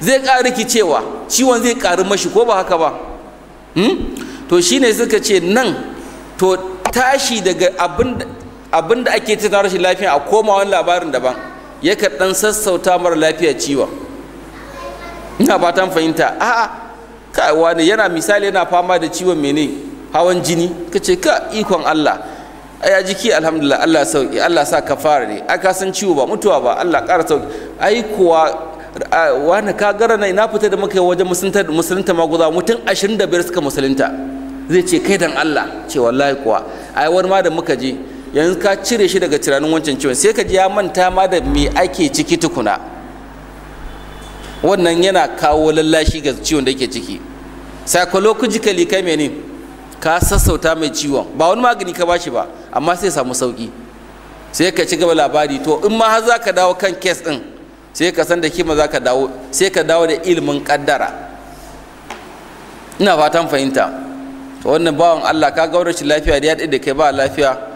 zai ƙara rikicewa ciwon zai ƙari mashi ko ba haka ba hmm? to shine suka ce nan to tashi daga abin abin da ake ce rashin lafiya a komawan labarin daban yakan dan sassauta mara lafiya ciwon ina fatan fahimta a'a kai wani yana misali yana fama da ciwon mene hawan jini ka ce ka ikon Allah ai jiki alhamdulillah Allah sauki Allah sa fara ne aka san ciwo ba mutuwa ba Allah ƙara sauki ai kuwa wani ka gara na ina fita da muka yi wajen musulunta musulunta maguza mutum ashirin da biyar suka musulunta zai ce kai dan Allah ce wallahi kuwa ai wani ma da muka je yanzu ka cire shi daga tunanin wancan ciwon sai ka ji ya manta ma da me ake ciki tukuna wannan yana kawo lallashi ga ciwon da yake ciki psychologically kai mene ka sassauta mai ciwon ba wani magani ka bashi ba amma sai samu sauki sai ka ci gaba labari to in ma har za ka dawo kan kes ɗin sai ka san da kima za ka dawo sai ka dawo da ilimin kaddara ina fatan fahimta to wannan bawan allah ka gaura shi lafiya da ya da kai ba lafiya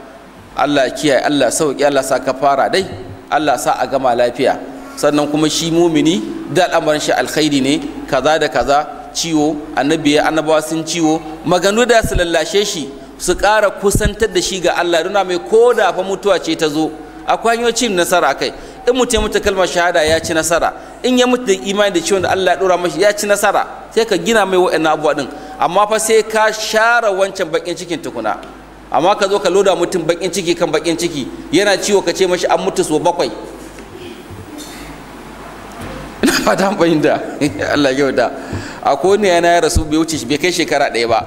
Allah kiyaye Allah sauki Allah sa ka fara dai Allah sa a gama lafiya sannan kuma shi mumini da al'amarin shi alkhairi ne kaza da kaza ciwo annabi ya annabawa sun ciwo maganu da su lallashe shi su ƙara kusantar da shi ga Allah na mai ko da fa mutuwa ce ta zo akwai hanyoyin cin nasara kai in mutum ya mutu kalmar shahada ya ci nasara in ya mutu da imani da ciwon da Allah ya dora mashi ya ci nasara sai ka gina mai wa'annan abubuwa din amma fa sai ka share wancan bakin cikin tukuna amma ka zo ka loda mutum bakin ciki kan bakin ciki yana ciwo ka ce mashi an mutu so bakwai ina fata fahimta Allah ya wata a ne yana ya rasu bai wuce bai kai shekara ɗaya ba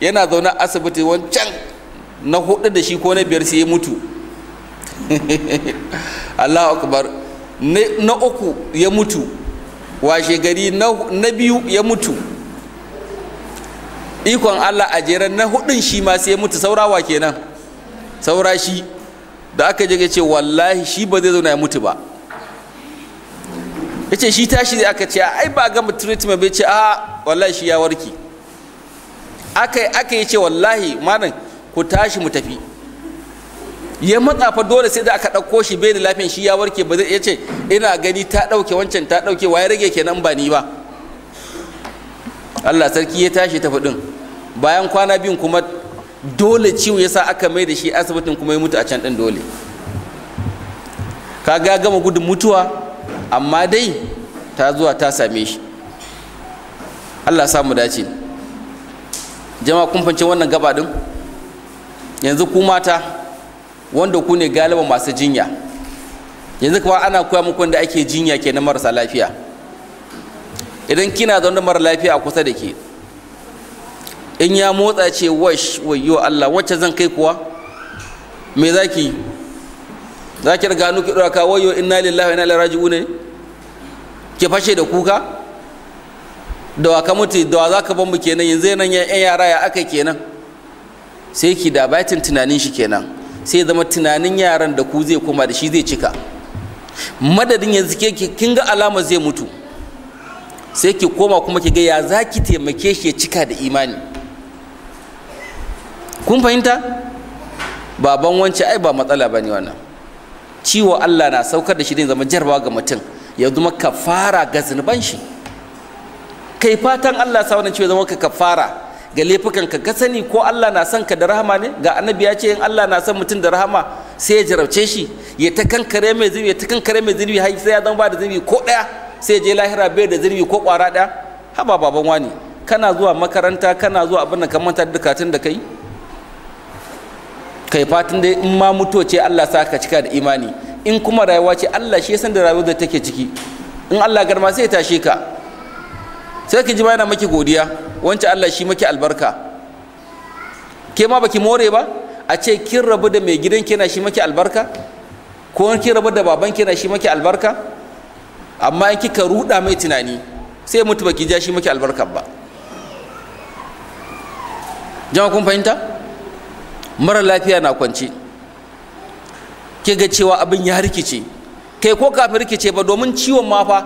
yana zaune asibiti wancan na hudu da shi ko na biyar sai ya mutu Allahu akbar na uku ya mutu washe gari na biyu ya mutu ikon Allah a jeran na hudun shi ma sai mutu saurawa kenan saura shi da aka je ce wallahi shi ba zai zauna ya mutu ba ya ce shi tashi aka ce ai ba gama treatment bai ce a wallahi shi ya warki aka yi ce wallahi malam ku tashi mu tafi ya matsa fa dole sai da aka ɗauko shi bai da lafiyan shi ya warke ba zai ce ina gani ta ɗauke wancan ta ɗauke waye rage kenan ba ni ba Allah sarki ya tashi ta faɗin bayan kwana biyun kuma dole ciwo yasa aka mai da shi asibitin kuma ya mutu a can ɗin dole ka ga gama gudun mutuwa amma dai ta zuwa ta same shi allah samu dace jama'a kun fahimci wannan gaba ɗin yanzu ku mata wanda ku ne galiba masu jinya yanzu kuma ana koya muku wanda ake jinya ke na marasa lafiya idan kina zaune mara lafiya a kusa da ke in ya motsa ce wash wayo Allah wacce zan kai kuwa me za ki za ki riga nuki ɗora ka wayo inna lillahi wa inna ilaihi raji'un ne ki fashe da kuka da wa ka mutu da wa za ka ban mu kenan yanzu nan yan yara ya aka kenan sai ki da batin tunanin shi kenan sai zama tunanin yaran da ku zai koma da shi zai cika madadin yanzu ke kin ga alama zai mutu sai ki koma kuma ki ga ya za ki taimake shi ya cika da imani kun fahimta baban wance ai ba matsala bane wannan ciwo Allah na saukar da shi zama jarwa ga mutum ya zama kafara ga zunuban shi kai fatan Allah sa wannan ciwo zama ka kafara ga laifukan ka sani ko Allah na son ka da rahama ne ga annabi ya ce in Allah na son mutum da rahama sai ya jarabce shi ya ta kankare mai zunubi ya ta kankare mai zunubi har sai ya zama ba da zunubi ko daya sai je lahira bai da zunubi ko kwara daya haba baban wani kana zuwa makaranta kana zuwa abin da ka manta da katun da kai kai fatan dai in ma mutuwa ce Allah sa ka cika da imani in kuma rayuwa ce Allah shi san da rayuwar da take ciki in Allah garma sai ya tashe ka sai ka ji ba yana maki godiya wancan Allah shi maki albarka ke ma baki more ba a ce kin rabu da mai gidan kina shi maki albarka ko kin rabu da baban kina shi maki albarka amma in kika ruda mai tunani sai mutu baki ja shi maki albarka ba jama'a kun fahimta mara lafiya na kwance ke ga cewa abin ya rikice kai ko kafin rikice ba domin ciwon mafa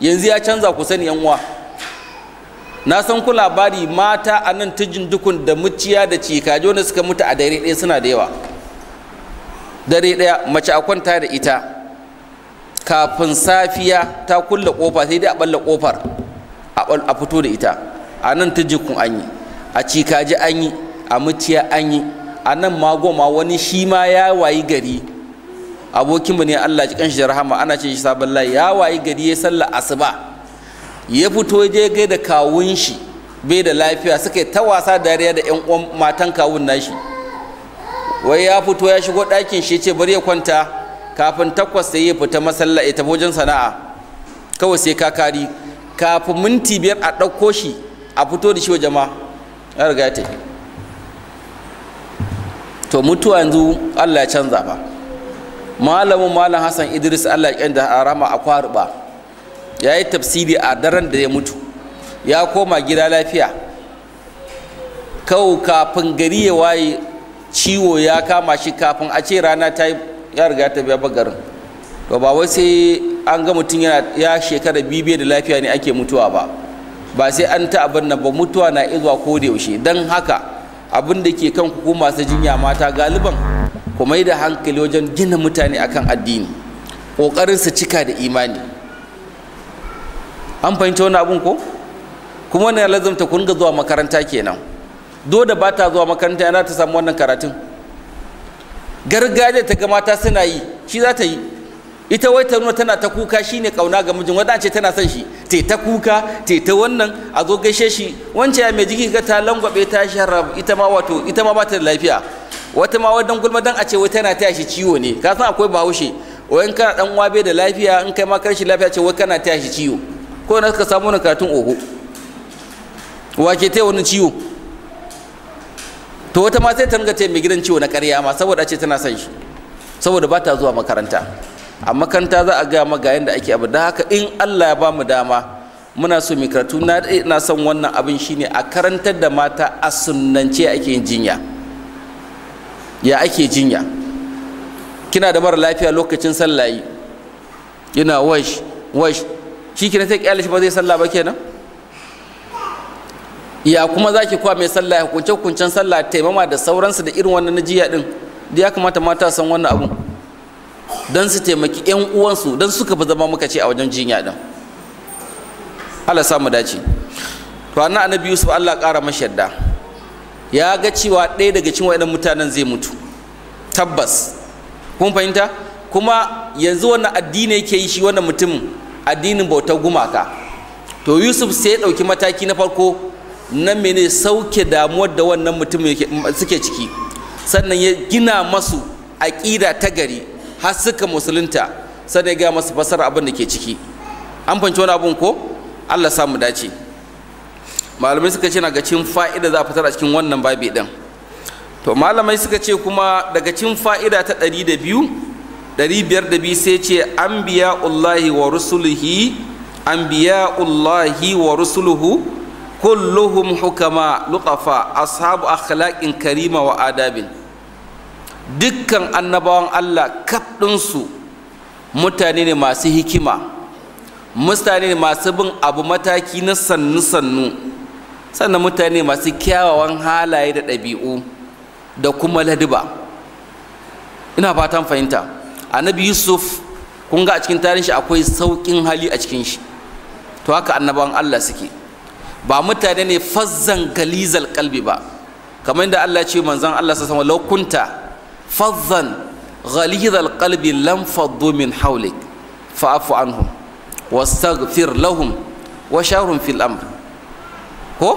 yanzu ya canza ku sani uwa na san ku labari mata a nan tijin dukun da muciya da cikaji wanda suka mutu a dare ɗaya suna da yawa dare ɗaya mace a kwanta da ita kafin safiya ta kulle kofa sai dai a balla kofar a fito da ita a nan tijin kun an a cikaji an yi a muciya anyi. a nan ma goma wani shi ma ya wayi gari mu ne Allah ya kanshi da rahama ana ce shi sabon layi ya wayi gari ya salla asuba ya fito je gai da kawun shi bai da lafiya suka ta wasa dariya da yan uwan matan kawun nashi wai ya fito ya shigo ɗakin shi ce bari ya kwanta kafin takwas sai ya fita masalla ya tafi sana'a kawai sai kakari kafin minti biyar a ɗauko shi a fito da shi wa jama'a ya riga ya tafi to mutuwa yanzu allah ya canza fa malamin malam hassan idris allah ya a rama a kwaruba ya yi tafsiri a daren da ya mutu ya koma gida lafiya kawo kafin gari ya waye ciwo ya kama shi kafin a ce rana ta yi ya riga ta biya bagarin to ba wai sai an ga mutum ya shekara bibiya da lafiya ne ake mutuwa ba ba sai an ta abin nan ba mutuwa na izuwa ko da yaushe don haka abin da ke kan ku masu jinya mata galiban ku mai da hankali wajen gina mutane akan addini ƙoƙarin su cika da imani an fahimci wani abun ko kuma wannan lazumta kun ga zuwa makaranta kenan do da ba ta zuwa makaranta yana ta samu wannan karatun gargajiya ta ga mata suna yi shi za ta yi ita wai ta nuna tana ta kuka shine kauna ga mijin wanda ce tana son shi te ta kuka te ta wannan a zo gaishe shi wancan ya mai jiki ga ta langwabe ta sharab ita ma wato ita ma bata da lafiya wata ma wadan gulma dan a ce wai tana ta shi ciwo ne ka san akwai bahaushe wai in kana dan wabe da lafiya in kai ma kar shi lafiya ce wai kana ta shi ciwo ko na ka samu katun oho wa ke taya wani ciwo to wata ma sai ta ringa mai gidan ciwo na ƙarya ma saboda ce tana son shi saboda ba ta zuwa makaranta a makanta za a gaya ga yadda ake abu da haka in Allah ya ba mu dama muna so mai karatu na san son wannan abin shine a karantar da mata a sunnance ake yin jinya ya ake jinya kina da mara lafiya lokacin sallayi yana wash wash shi kina ta kyalish shi ba zai sallah ba kenan ya kuma za ki kwa mai sallah ya hukunce hukuncen sallah taimama da sauransu da irin wannan na jiya din da ya kamata mata san wannan abun don su taimaki 'yan uwansu don suka fi zama muka ce a wajen jinya din Allah samu dace to annabi annabi Yusuf Allah ƙara mashi yadda ya ga cewa ɗaya daga cikin waɗannan mutanen zai mutu tabbas kun fahimta kuma yanzu wannan addini yake yi shi wannan mutumin addinin bautar gumaka to Yusuf sai ya ɗauki mataki na farko na mene sauke damuwar da wannan mutum suke ciki sannan ya gina masu aƙida ta gari har suka musulunta sai ya gaya masu fasar abin da ke ciki an fanci wani abun ko allah samu dace malamai suka ce na ga cin fa'ida za a fitar a cikin wannan babi din to malamai suka ce kuma daga cin fa'ida ta ɗari da biyar da biyu sai ce an biya ullahi wa rusulihi an ullahi wa rusuluhu kulluhum hukama luƙafa ashabu akhlaqin karima wa adabin dukkan annabawan Allah kaf mutane ne masu hikima mutane ne masu bin abu mataki na sannu-sannu sannan mutane masu kyawawan halaye da ɗabi'u da kuma ladiba ina fatan fahimta annabi yusuf kun ga a cikin tarin shi akwai sauƙin hali a cikin shi to haka annabawan Allah suke ba mutane ne fazzan galizal kalbi ba kamar da Allah ce manzon Allah sa sama laukunta fadhan غليظ القلب لم فضوا من حولك فاعف عنهم واستغفر لهم وشاورهم في الامر ko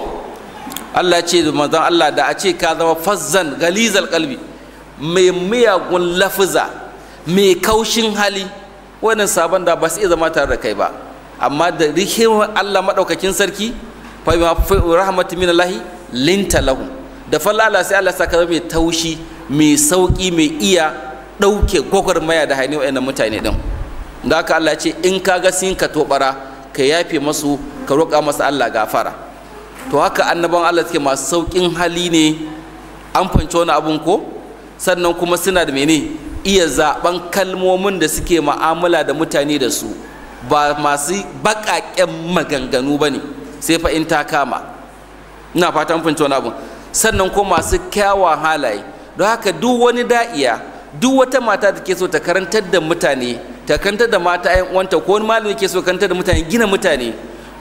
Allah ce manzon Allah da a ce ka zama fazzan galizal kalbi mai miyagun lafuza mai kaushin hali wannan sabon da ba su iya zama tare da kai ba amma da rihimar Allah madaukakin sarki fa rahmatu minallahi linta lahum da falla Allah sai Allah saka mai taushi mai sauƙi mai iya ɗauke gwagwarmaya da haini wa'annan mutane ɗin da haka Allah ce in ka ga sun ka tobara ka yafe masu ka roƙa masa Allah gafara to haka annaban Allah suke masu sauƙin hali ne an fanci wani abun ko sannan kuma suna da mene iya zaɓen kalmomin da suke ma'amala da mutane da su ba masu baƙaƙen maganganu ba ne sai fa in ta kama ina fatan fanci wani abun sannan ko masu kyawawan halaye don haka duk wani da'iya duk wata mata da ke so ta karantar da mutane ta karantar da mata ayan uwanta ko wani malami ke so karantar da mutane gina mutane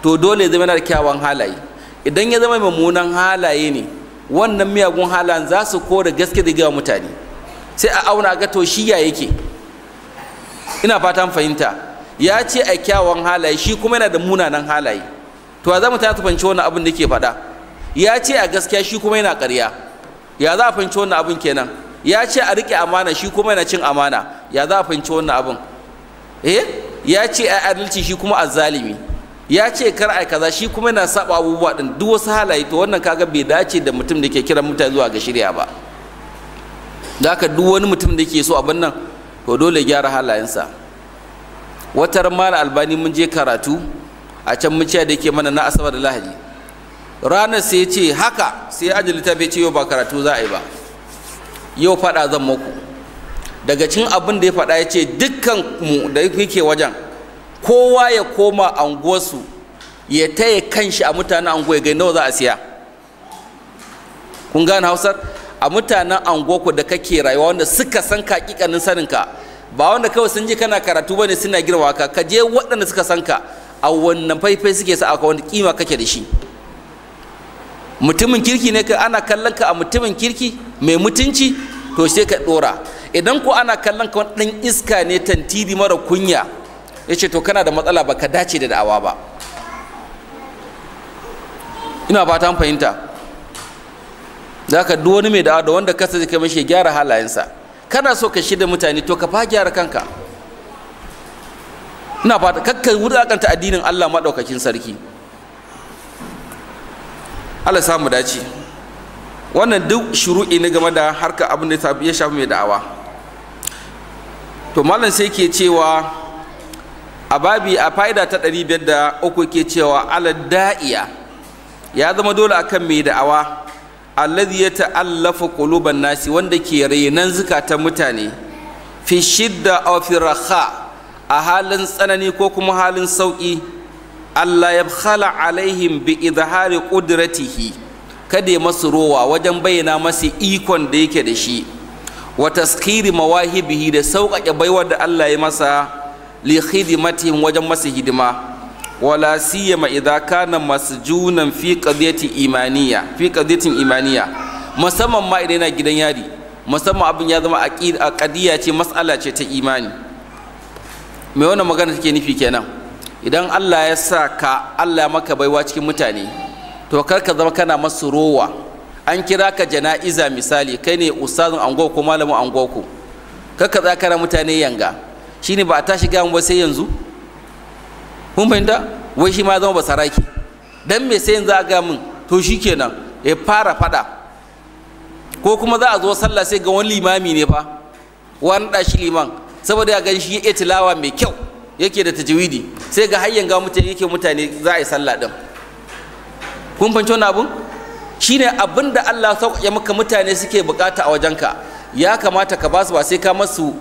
to dole zama yana da kyawawan halaye idan ya zama mummunan halaye ne wannan miyagun halayen za su kore gaske da gaba mutane sai a auna ga to shi ya yake ina fatan fahimta ya ce a kyawawan halaye shi kuma yana da munanan halaye to a za mu ta fahimci wannan abin da ke faɗa ya ce a gaskiya shi kuma yana ƙarya ya za a fahimci wannan abin kenan ya ce a riƙe amana shi kuma yana cin amana ya za a fahimci wannan abin eh ya ce a adalci shi kuma azzalimi ya ce kar ai kaza shi kuma yana saba abubuwa din duk wasu halaye to wannan kaga bai dace da mutum da ke kiran mutane zuwa ga shirya ba da ka duk wani mutum da ke so abin nan to dole gyara halayensa ran mala albani mun je karatu a can muciya da yake mana na asabar da lahadi ranar sai ce haka sai aji littafi ce yau ba karatu za a yi ba yau faɗa zan muku daga cin abin da ya faɗa ya ce dukkan mu da yake wajen kowa ya koma anguwarsu ya taya kanshi a mutanen anguwa ya gai nawa za a siya kun gane hausar a mutanen ku da kake rayuwa wanda suka san ka kikanin saninka ba wanda kawai sun ji kana karatu bane suna girma ka ka je waɗanda suka san ka a wannan faifai suke sa a wani kima kake da shi mutumin kirki ne ka ana kallon ka a mutumin kirki mai mutunci to sai ka dora idan ko ana kallon ka wani dan iska ne tantibi mara kunya yace to kana da matsala baka dace da da'awa ba ina fata ta fahimta zaka duk wani mai da'awa da wanda kasa zai kai mashi gyara halayensa kana so ka shirya mutane to ka fa gyara kanka ina ba kakka wuri akan ta addinin Allah madaukakin sarki Allah samu dace wannan duk shuru'i ne game da harka abin da ya shafi mai da'awa to malam sai ke cewa a babi a fa'ida ta 503 ke cewa ala da'iya ya zama dole akan mai da'awa allazi ya ta'allafa quluban nasi wanda ke renan zukatan mutane fi shidda aw fi raha a halin tsanani ko kuma halin sauki Allah ya khala alaihim bi izhari qudratihi kada ya masu rowa wajen bayyana masu ikon da yake da shi wa taskiri mawahibihi da sauƙaƙe baiwar da Allah ya masa li khidmatihim wajen masu hidima wala siyama idza kana masjunan fi qadiyati imaniya fi qadiyatin imaniya musamman ma idan yana gidan yari musamman abin ya zama aqida qadiya ce mas'ala ce ta imani me wannan magana take nufi kenan idan Allah ya sa ka Allah maka baiwa cikin mutane to kar ka zama kana masu rowa an kira ka jana'iza misali kai ne ustazin angon ko malamin angon ko kar ka tsaya kana mutane yanga shine ba a tashi gaya ba sai yanzu kun fahimta wai shi ma zama basaraki dan me sai yanzu a ga min to shikenan ya fara fada ko kuma za a zo sallah sai ga wani limami ne fa wani shi liman saboda ya gan shi ya tilawa mai kyau yake da tajwidi sai ga hayyan ga mutane yake mutane za a yi sallah din kun fahimci wannan abun shine abin da Allah ya maka mutane suke bukata a wajenka ya kamata ka basu ba sai ka masu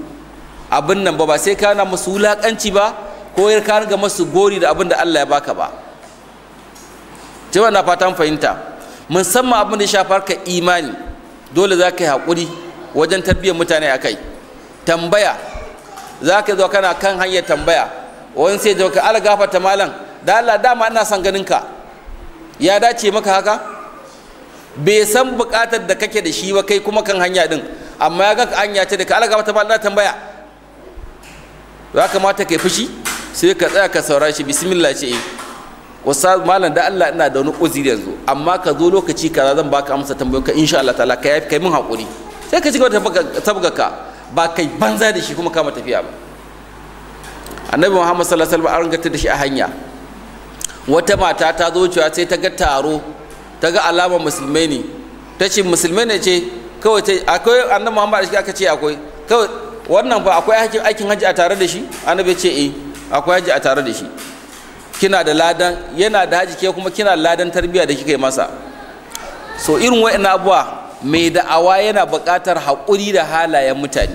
abin nan ba ba sai ka na musu wulakanci ba ko ya ka riga masu gori da abin da Allah ya baka ba cewa na fatan fahimta musamman abin da ya shafar ka imani dole za ka yi haƙuri wajen tarbiyyar mutane a kai tambaya za ka zo kana kan hanyar tambaya wani sai zo ka algafa ta malam da Allah dama ina son ganin ka ya dace maka haka bai san buƙatar da kake da shi ba kai kuma kan hanya din amma ya ga ka hanya ce da ka algafa ta malam tambaya za ka mata kai fushi sai ka tsaya ka saurara shi bismillah ce eh. wasu malam da Allah ina da wani uzuri yanzu amma ka zo lokaci kaza zan baka amsa tambayoyinka insha Allah ta'ala ka yi min haƙuri sai ka ci gaba da tabgaka ba kai banza da shi kuma kama tafiya ba annabi muhammad sallallahu alaihi wasallam an da shi a hanya wata mata ta zo cewa sai ta ga taro ta ga alama musulmai ne ta ce musulmai ne ce kawai ta akwai annabi muhammad shi aka ce akwai kawai wannan fa akwai aikin hajji a tare da shi annabi ce eh akwai hajji a tare da shi kina da ladan yana da haji ke kuma kina da ladan tarbiyya da kika yi masa so irin wa'annan abuwa mai da'awa yana buƙatar haƙuri da halayen mutane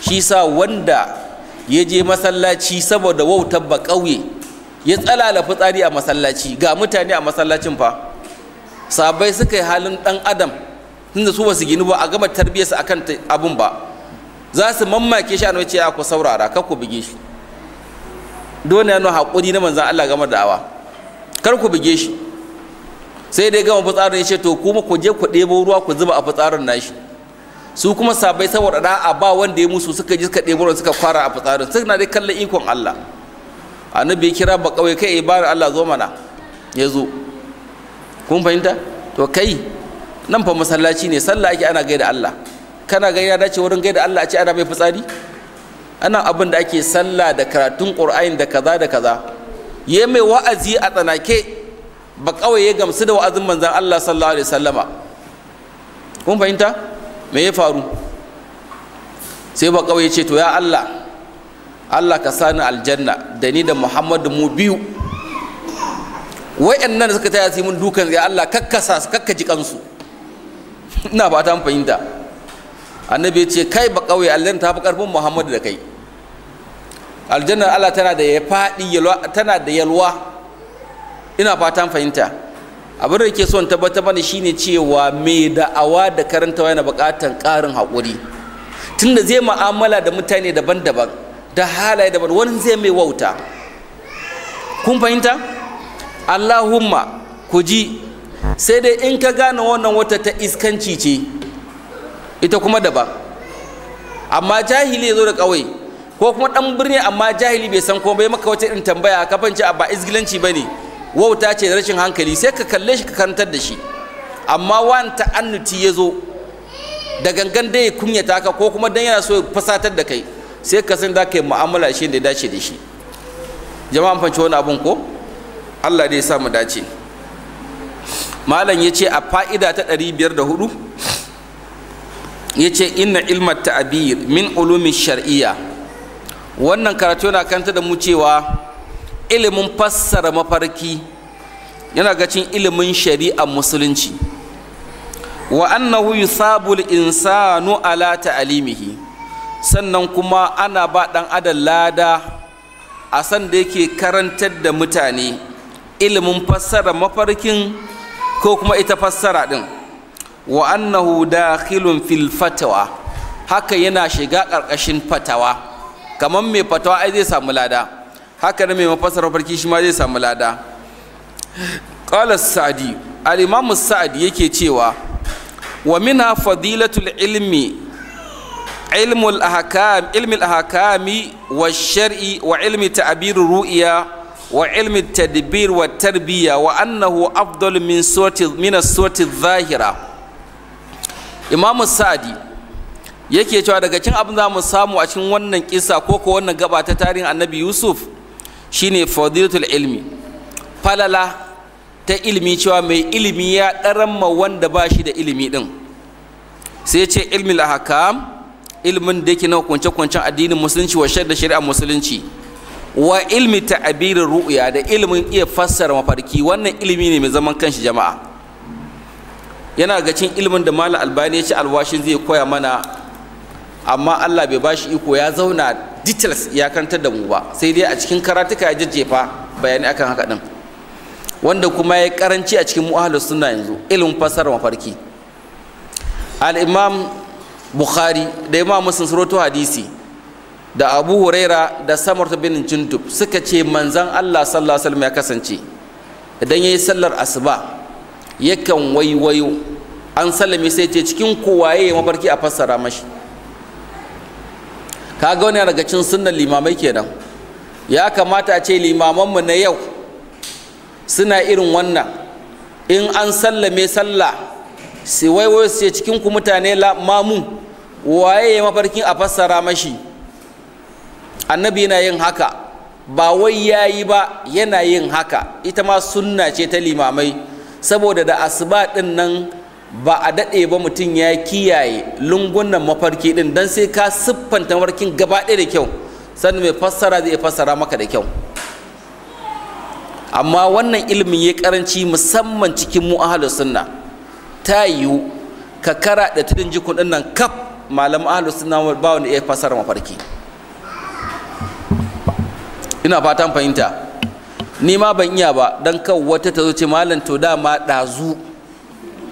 shi sa wanda ya je masallaci saboda wautar ba ƙauye ya tsalala fitsari a masallaci ga mutane a masallacin fa sabai suka yi halin ɗan adam da su su gini ba a gama tarbiyyarsa kan abin ba za su mammake shi a ce ku saurara kar ku buge shi dole ya nuna haƙuri na manzan Allah game da'awa kar ku buge shi sai dai gama fitsarin ya ce to kuma ku je ku ɗebo ruwa ku zuba a fitsarin nashi su kuma sabai saboda da'a ba wanda ya musu suka ji suka ɗebo ruwa suka fara a fitsarin suna dai kallon ikon Allah annabi ya kira ba kawai kai ibara Allah zo mana ya zo kun fahimta to kai nan fa masallaci ne sallah ake ana gaida Allah kana ga ya dace wurin gaida Allah a ce ana mai fitsari ana abin da ake sallah da karatun qur'ani da kaza da kaza yayi mai wa'azi a tsanake ba kawai ya gamsu da wa'azin manzan Allah sallallahu alaihi Sallama, kun fahimta me ya faru sai ba kawai ya ce to ya Allah Allah ka sani aljanna da ni da Muhammadu mu biyu wa'annan suka taya su mun dukan ya Allah kakkasa su kakkaji kansu ina ba ta fahimta annabi ya ce kai ba kawai aljanna ta fi karfin Muhammadu da kai Aljanna Allah tana da ya faɗi tana da yalwa ina fatan fahimta abin da ke son tabbatar mana shine cewa mai da'awa da karantawa yana buƙatar ƙarin haƙuri tunda zai ma'amala da mutane daban-daban da halaye daban wani zai mai wauta kun fahimta allahumma ku ji sai dai in ka gane wannan wata ta iskanci ce ita kuma daban amma jahili ya zo da ƙawai ko kuma ɗan birni amma jahili bai san ko bai maka wata irin tambaya kafance a ba isgilanci ba ne wauta ce rashin hankali sai ka kalle shi ka karantar da shi amma wani ta'annuti ya zo da gangan dai ya kunyata ka ko kuma dan yana so ya fasatar da kai sai ka san za ka mu'amala shi da ya dace da shi jama'a an fanci wani abun ko Allah dai ya sa mu dace malam ya ce a fa'ida ta 504 ya ce inna ilmat ta'abir min ulumin shar'iyya wannan karatu yana kanta da mu cewa ilimin fassara mafarki yana ga cin ilimin shari'a musulunci wa annahu al insanu ala ta'limihi sannan kuma ana ba dan adam lada a san da yake karantar da mutane ilimin fassara mafarkin ko kuma ita fassara din wa annahu dakhilun fil fatawa haka yana shiga ƙarƙashin fatawa kamar mai fatawa ai zai samu lada haka da mai mafasar farki shi ma zai samu lada qala sa'di al-imam sa'di yake cewa wa minha fadilatul ilmi ilmul ahkam ilmul ahkami wash-shar'i wa ilmi ta'bir ru'ya wa التدبير wa annahu أفضل من صوت من الصوت الظاهرة yake cewa daga cin abin za mu samu a cikin wannan kisa ko ko wannan gaba ta tarihin annabi yusuf Shi ne fadilatul ilmi falala ta ilmi cewa mai ilmi ya ɗaramma wanda ba shi da ilmi ɗin sai ce ilmi lahakam ilmin da yake na kwance-kwancen addinin musulunci wa da shari'a musulunci wa ilmi ta abirin ru'uya da ilmin iya fassara mafarki wannan ilmi ne mai zaman kanshi jama'a yana ga cin ilmin da malam albani ya ci alwashin zai koya mana amma allah bai bashi iko ya zauna details kantar da mu ba sai dai a cikin karatuka ya jajjefa bayani akan haka din wanda kuma ya karanci a cikin mu'ahalus sunna yanzu ilimin fasara mafarki al-imam bukhari da imam muslim suratu hadisi da abu huraira da samarta bin jindub suka ce manzan allah sallallahu alaihi wasallam ya kasance idan ya yi sallar asuba yakan waiwayo an sallame sai ce cikin kowaye mafarki a fassara mashi ka ga wani daga cin sunnan limamai kenan ya kamata a ce limamanmu na yau suna irin wannan in an sallame sallah sai waiwai su ce cikin ku mutane mamu waye ya mafarkin a fassara mashi annabi yana yin haka ba wai yayi ba yana yin haka ita ma sunna ce ta limamai saboda da asuba ɗin nan ba a daɗe ba mutum ya kiyaye lungunan mafarki ɗin don sai ka siffanta warkin gaba ɗaya da kyau sannan mai fassara zai fassara maka da kyau amma wannan ilimin ya karanci musamman cikin mu ta yiwu ka kara da tudun jikun ɗin nan kaf malam ahlus sunna ba wani iya fassara mafarki ina fatan fahimta ni ma ban iya ba don kawo wata ta zo ce malam to dama ɗazu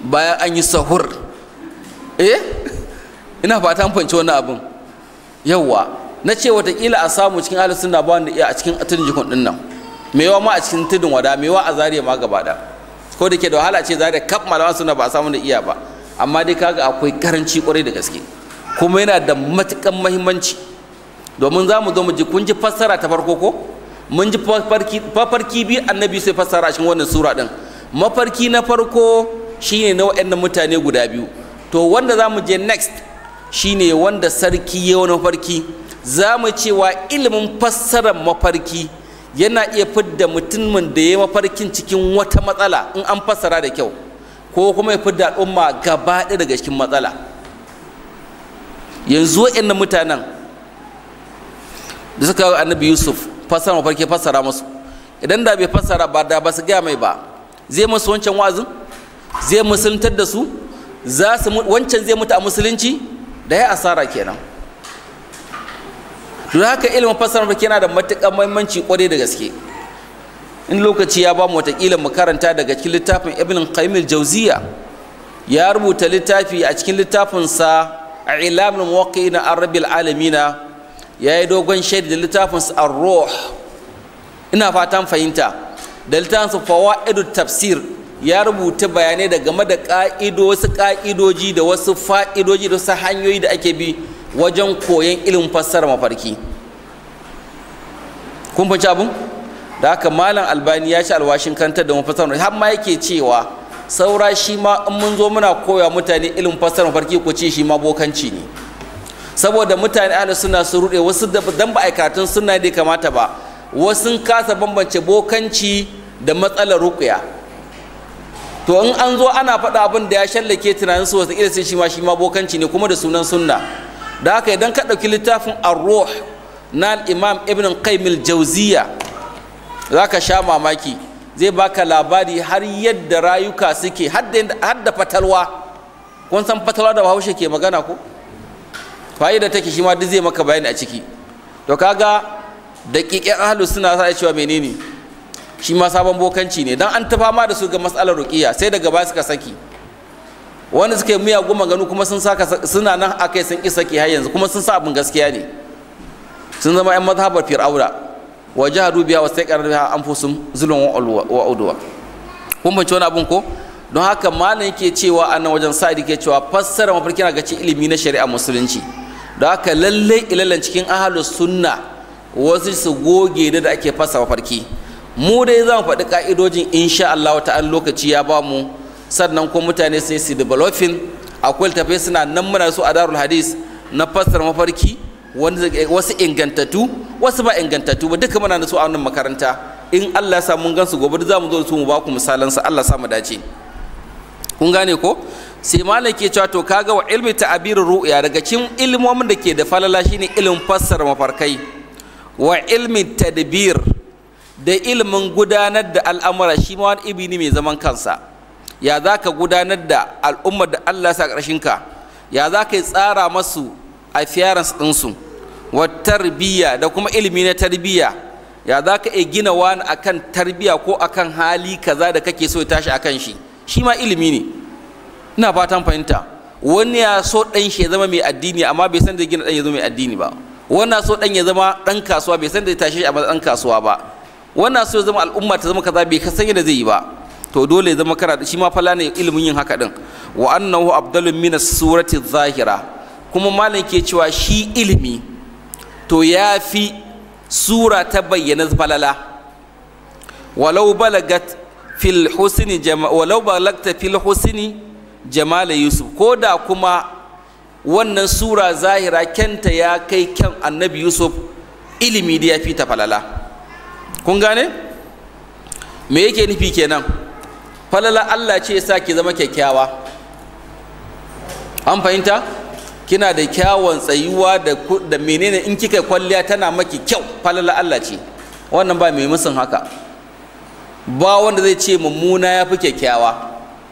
bayan an yi sahur eh ina fatan an fahimci wannan abin yawa na ce watakila a samu cikin ahli sunna ba wanda iya a cikin atin jikun din nan mewa ma a cikin tudun wada mewa a zariya ma gaba da ko da ke da wahala ce zariya kaf malaman sunna ba a samu da iya ba amma dai kaga akwai karanci kwarai da gaske kuma yana da matukan muhimmanci domin za mu zo mu ji kun ji fassara ta farko ko mun ji farki biyu annabi sai fassara cikin wannan sura din mafarki na farko shine na waɗannan mutane guda biyu to wanda za mu je next shine wanda sarki ya wani mafarki za mu cewa ilimin fassarar mafarki yana iya fidda mutumin da ya mafarkin cikin wata matsala in an fassara da kyau ko kuma ya fidda al'umma gaba ɗaya daga cikin matsala yanzu waɗannan mutanen da suka yi annabi yusuf fassara mafarki fassara musu idan da bai fassara ba da ba su gaya mai ba zai masu wancan wa'azin zai musuluntar da su za su wancan zai mutu a musulunci da ya asara kenan don haka ilimin fassarar yana da matuƙar muhimmanci kwarai da gaske in lokaci ya ba mu watakila mu karanta daga cikin littafin ibn qayyim jauziya ya rubuta littafi a cikin littafinsa a ilamul muwaqqi'ina arabil alamina ya yi dogon shaidi da littafinsa ar-ruh ina fatan fahimta da littafinsa fawaidu tafsir ya rubuta bayanai da game da ƙa'ido wasu ƙa'idoji da wasu fa'idoji da wasu hanyoyi da ake bi wajen koyon ilimin fassara mafarki kun fahimci abin da haka malam albani ya ci alwashin kantar da mafassara har ma yake cewa saura shi ma in mun zo muna koya mutane ilimin fassara mafarki ku ce shi ma bokanci ne saboda mutane ahli suna su rude wasu dan ba aikatun suna da kamata ba wasu kasa bambance bokanci da matsalar ruqya to in an zo ana faɗa abin da ya shallake tunanin su wataƙila sai shi ma shi ma bokanci ne kuma da sunan sunna da haka idan ka ɗauki littafin arruh na imam ibn qaymil jauziya za ka sha mamaki zai baka labari har yadda rayuka suke har da fatalwa kun san fatalwa da bahaushe ke magana ko fa'ida take shi ma duk zai maka bayani a ciki to kaga daƙiƙen ahlu suna sa cewa menene shi ma sabon bokanci ne don an ta fama da su ga matsalar rukiya sai daga ba suka saki wani suke miya goma ganu kuma sun saka suna nan akai sun ki saki har yanzu kuma sun sa abin gaskiya ne sun zama yan mazhabar fir'aura wa jahadu biya wa saiqar an anfusum zulmun wa udwa kun ci wani abin ko don haka malam yake cewa a nan wajen sa'id ke cewa fassara mafarki na gaci ilimi na shari'a musulunci don haka lallai ilalan cikin ahalus sunna wasu su goge da ake fasa mafarki mu dai za mu faɗi ƙa'idojin insha Allah an lokaci ya ba mu sannan kuma mutane sai su developing akwai tafe suna nan muna su a darul hadis na fassara mafarki wasu ingantattu wasu ba ingantattu ba duka muna da su a wannan makaranta in Allah ya sa mun gansu gobe za mu zo su mu ba ku misalan sa Allah sa mu dace kun gane ko sai malam ke cewa to kaga wa ilmi ta'abir ru'ya daga cikin ilmomin da ke da falala shine ilmin fassara mafarkai wa ilmi tadbir da ilimin gudanar da al'amura shi ma wani ne mai zaman kansa ya za ka gudanar da al'ummar da allah sa ka ya za ka yi tsara masu a fiyaransu ɗinsu wa tarbiyya da kuma ilimi na tarbiyya ya za ka iya gina wani akan tarbiyya ko akan hali kaza da kake so ya tashi akan shi shi ma ilimi ne ina fatan fahimta wani ya so ɗan shi ya zama mai addini amma bai san da gina ɗan ya zama mai addini ba wani ya so ɗan ya zama ɗan kasuwa bai san da ya tashi a ɗan kasuwa ba wannan so zama al'umma ta zama kaza bai san yadda zai yi ba to dole ya zama kana shi ma fala ne ilimin yin haka din wa annahu abdalun min surati zahira kuma malam ke cewa shi ilimi to ya fi sura ta bayyana falala walau balagat fil husni walau balagta fil husni jamal yusuf ko da kuma wannan sura zahira kenta ya kai kyan annabi yusuf ilimi da ya fi ta falala kun gane me yake nufi kenan falala Allah ce sa ki zama kyakkyawa an fahimta kina da kyawun tsayuwa da menene in kika kwalliya tana maki kyau falala Allah ce wannan ba mai musun haka ba wanda zai ce mummuna ya fi kyakkyawa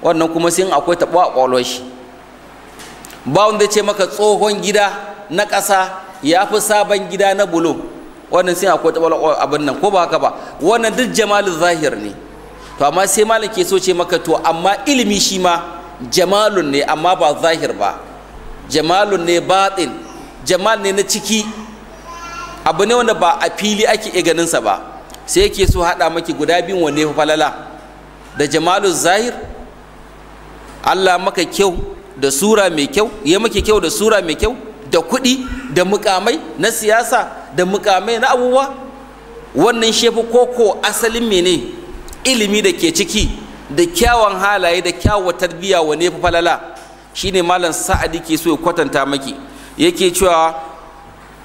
wannan kuma sai akwai taɓo a ƙwalon shi ba wanda ce maka tsohon gida na ƙasa ya fi sabon gida na bulo wannan sai akwai tabal abin nan ko ba haka ba wannan duk jamalul zahir ne to amma sai malam ke so ce maka to amma ilimi shi ma jamalun ne amma ba zahir ba jamalun ne batin jamal ne na ciki abu ne wanda ba a fili ake iya ganinsa ba sai yake so haɗa maki guda biyun wanne falala da jamalul zahir Allah maka kyau da sura mai kyau ya maka kyau da sura mai kyau da kuɗi da mukamai na siyasa da mukamai na abubuwa wannan shefu koko asalin mene ilimi da ke ciki da kyawun halaye da kyawun tarbiyya wa nefa falala ne malam sa'adi ke so ya kwatanta maki yake cewa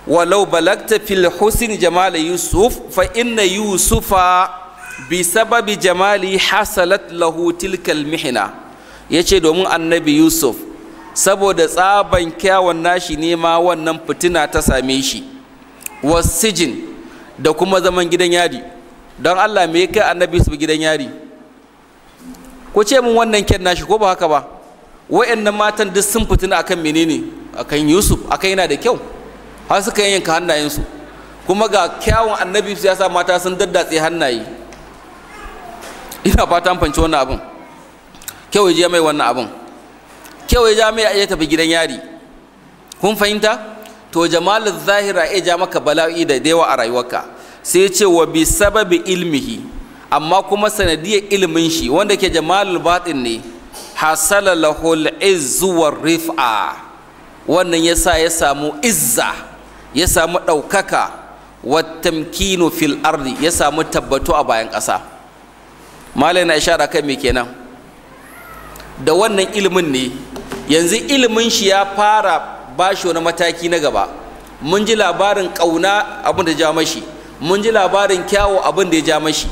walau balagta fil husn jamal yusuf fa inna yusufa bi sababi jamali hasalat lahu tilkal ya yace domin annabi yusuf saboda tsaban kyawun nashi nema wannan fitina ta same shi wasijin da kuma zaman gidan yari don allah me kai annabi su gidan yari ko ce min wannan kyan nashi ko ba haka ba wa'annan matan duk sun fitina akan menene akan yusuf akan yana da kyau har suka yanka hannayensu kuma ga kyawun annabi su ya sa mata sun daddatse hannaye ina fata fanci wannan abin kyau ya je mai wannan abin kyau ya ja mai ya tafi gidan yari kun fahimta to jamalul zahira ya ja maka bala'i da dewa a rayuwarka sai ce wa bi sababi ilmihi amma kuma sanadiyar ilimin shi wanda ke jamalul batin ne hasala lahul izzu war rif'a wannan yasa ya samu izza ya samu ɗaukaka wa tamkinu fil ardi ya samu tabbatu a bayan ƙasa malai na ishara kai me kenan da wannan ilimin ne yanzu ilimin shi ya fara ba shi wani mataki na gaba mun ji labarin ƙauna abin da ja mashi mun ji labarin kyawo abin da ya ja mashi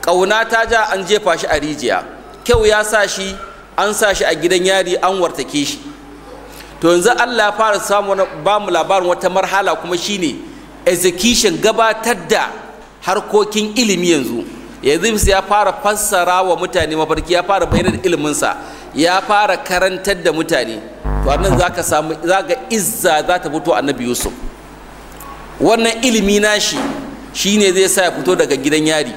ƙauna ta ja an jefa shi a rijiya kyau ya sa shi an sa shi a gidan yari an wartake shi to yanzu allah ya fara samu ba mu labarin wata marhala kuma shine execution gabatar da harkokin ilimi yanzu yanzu ya fara fassara wa mutane mafarki ya fara bayyana da iliminsa ya fara karantar da mutane to nan za samu za izza za ta fito annabi yusuf wannan ilimi nashi shi ne zai sa ya fito daga gidan yari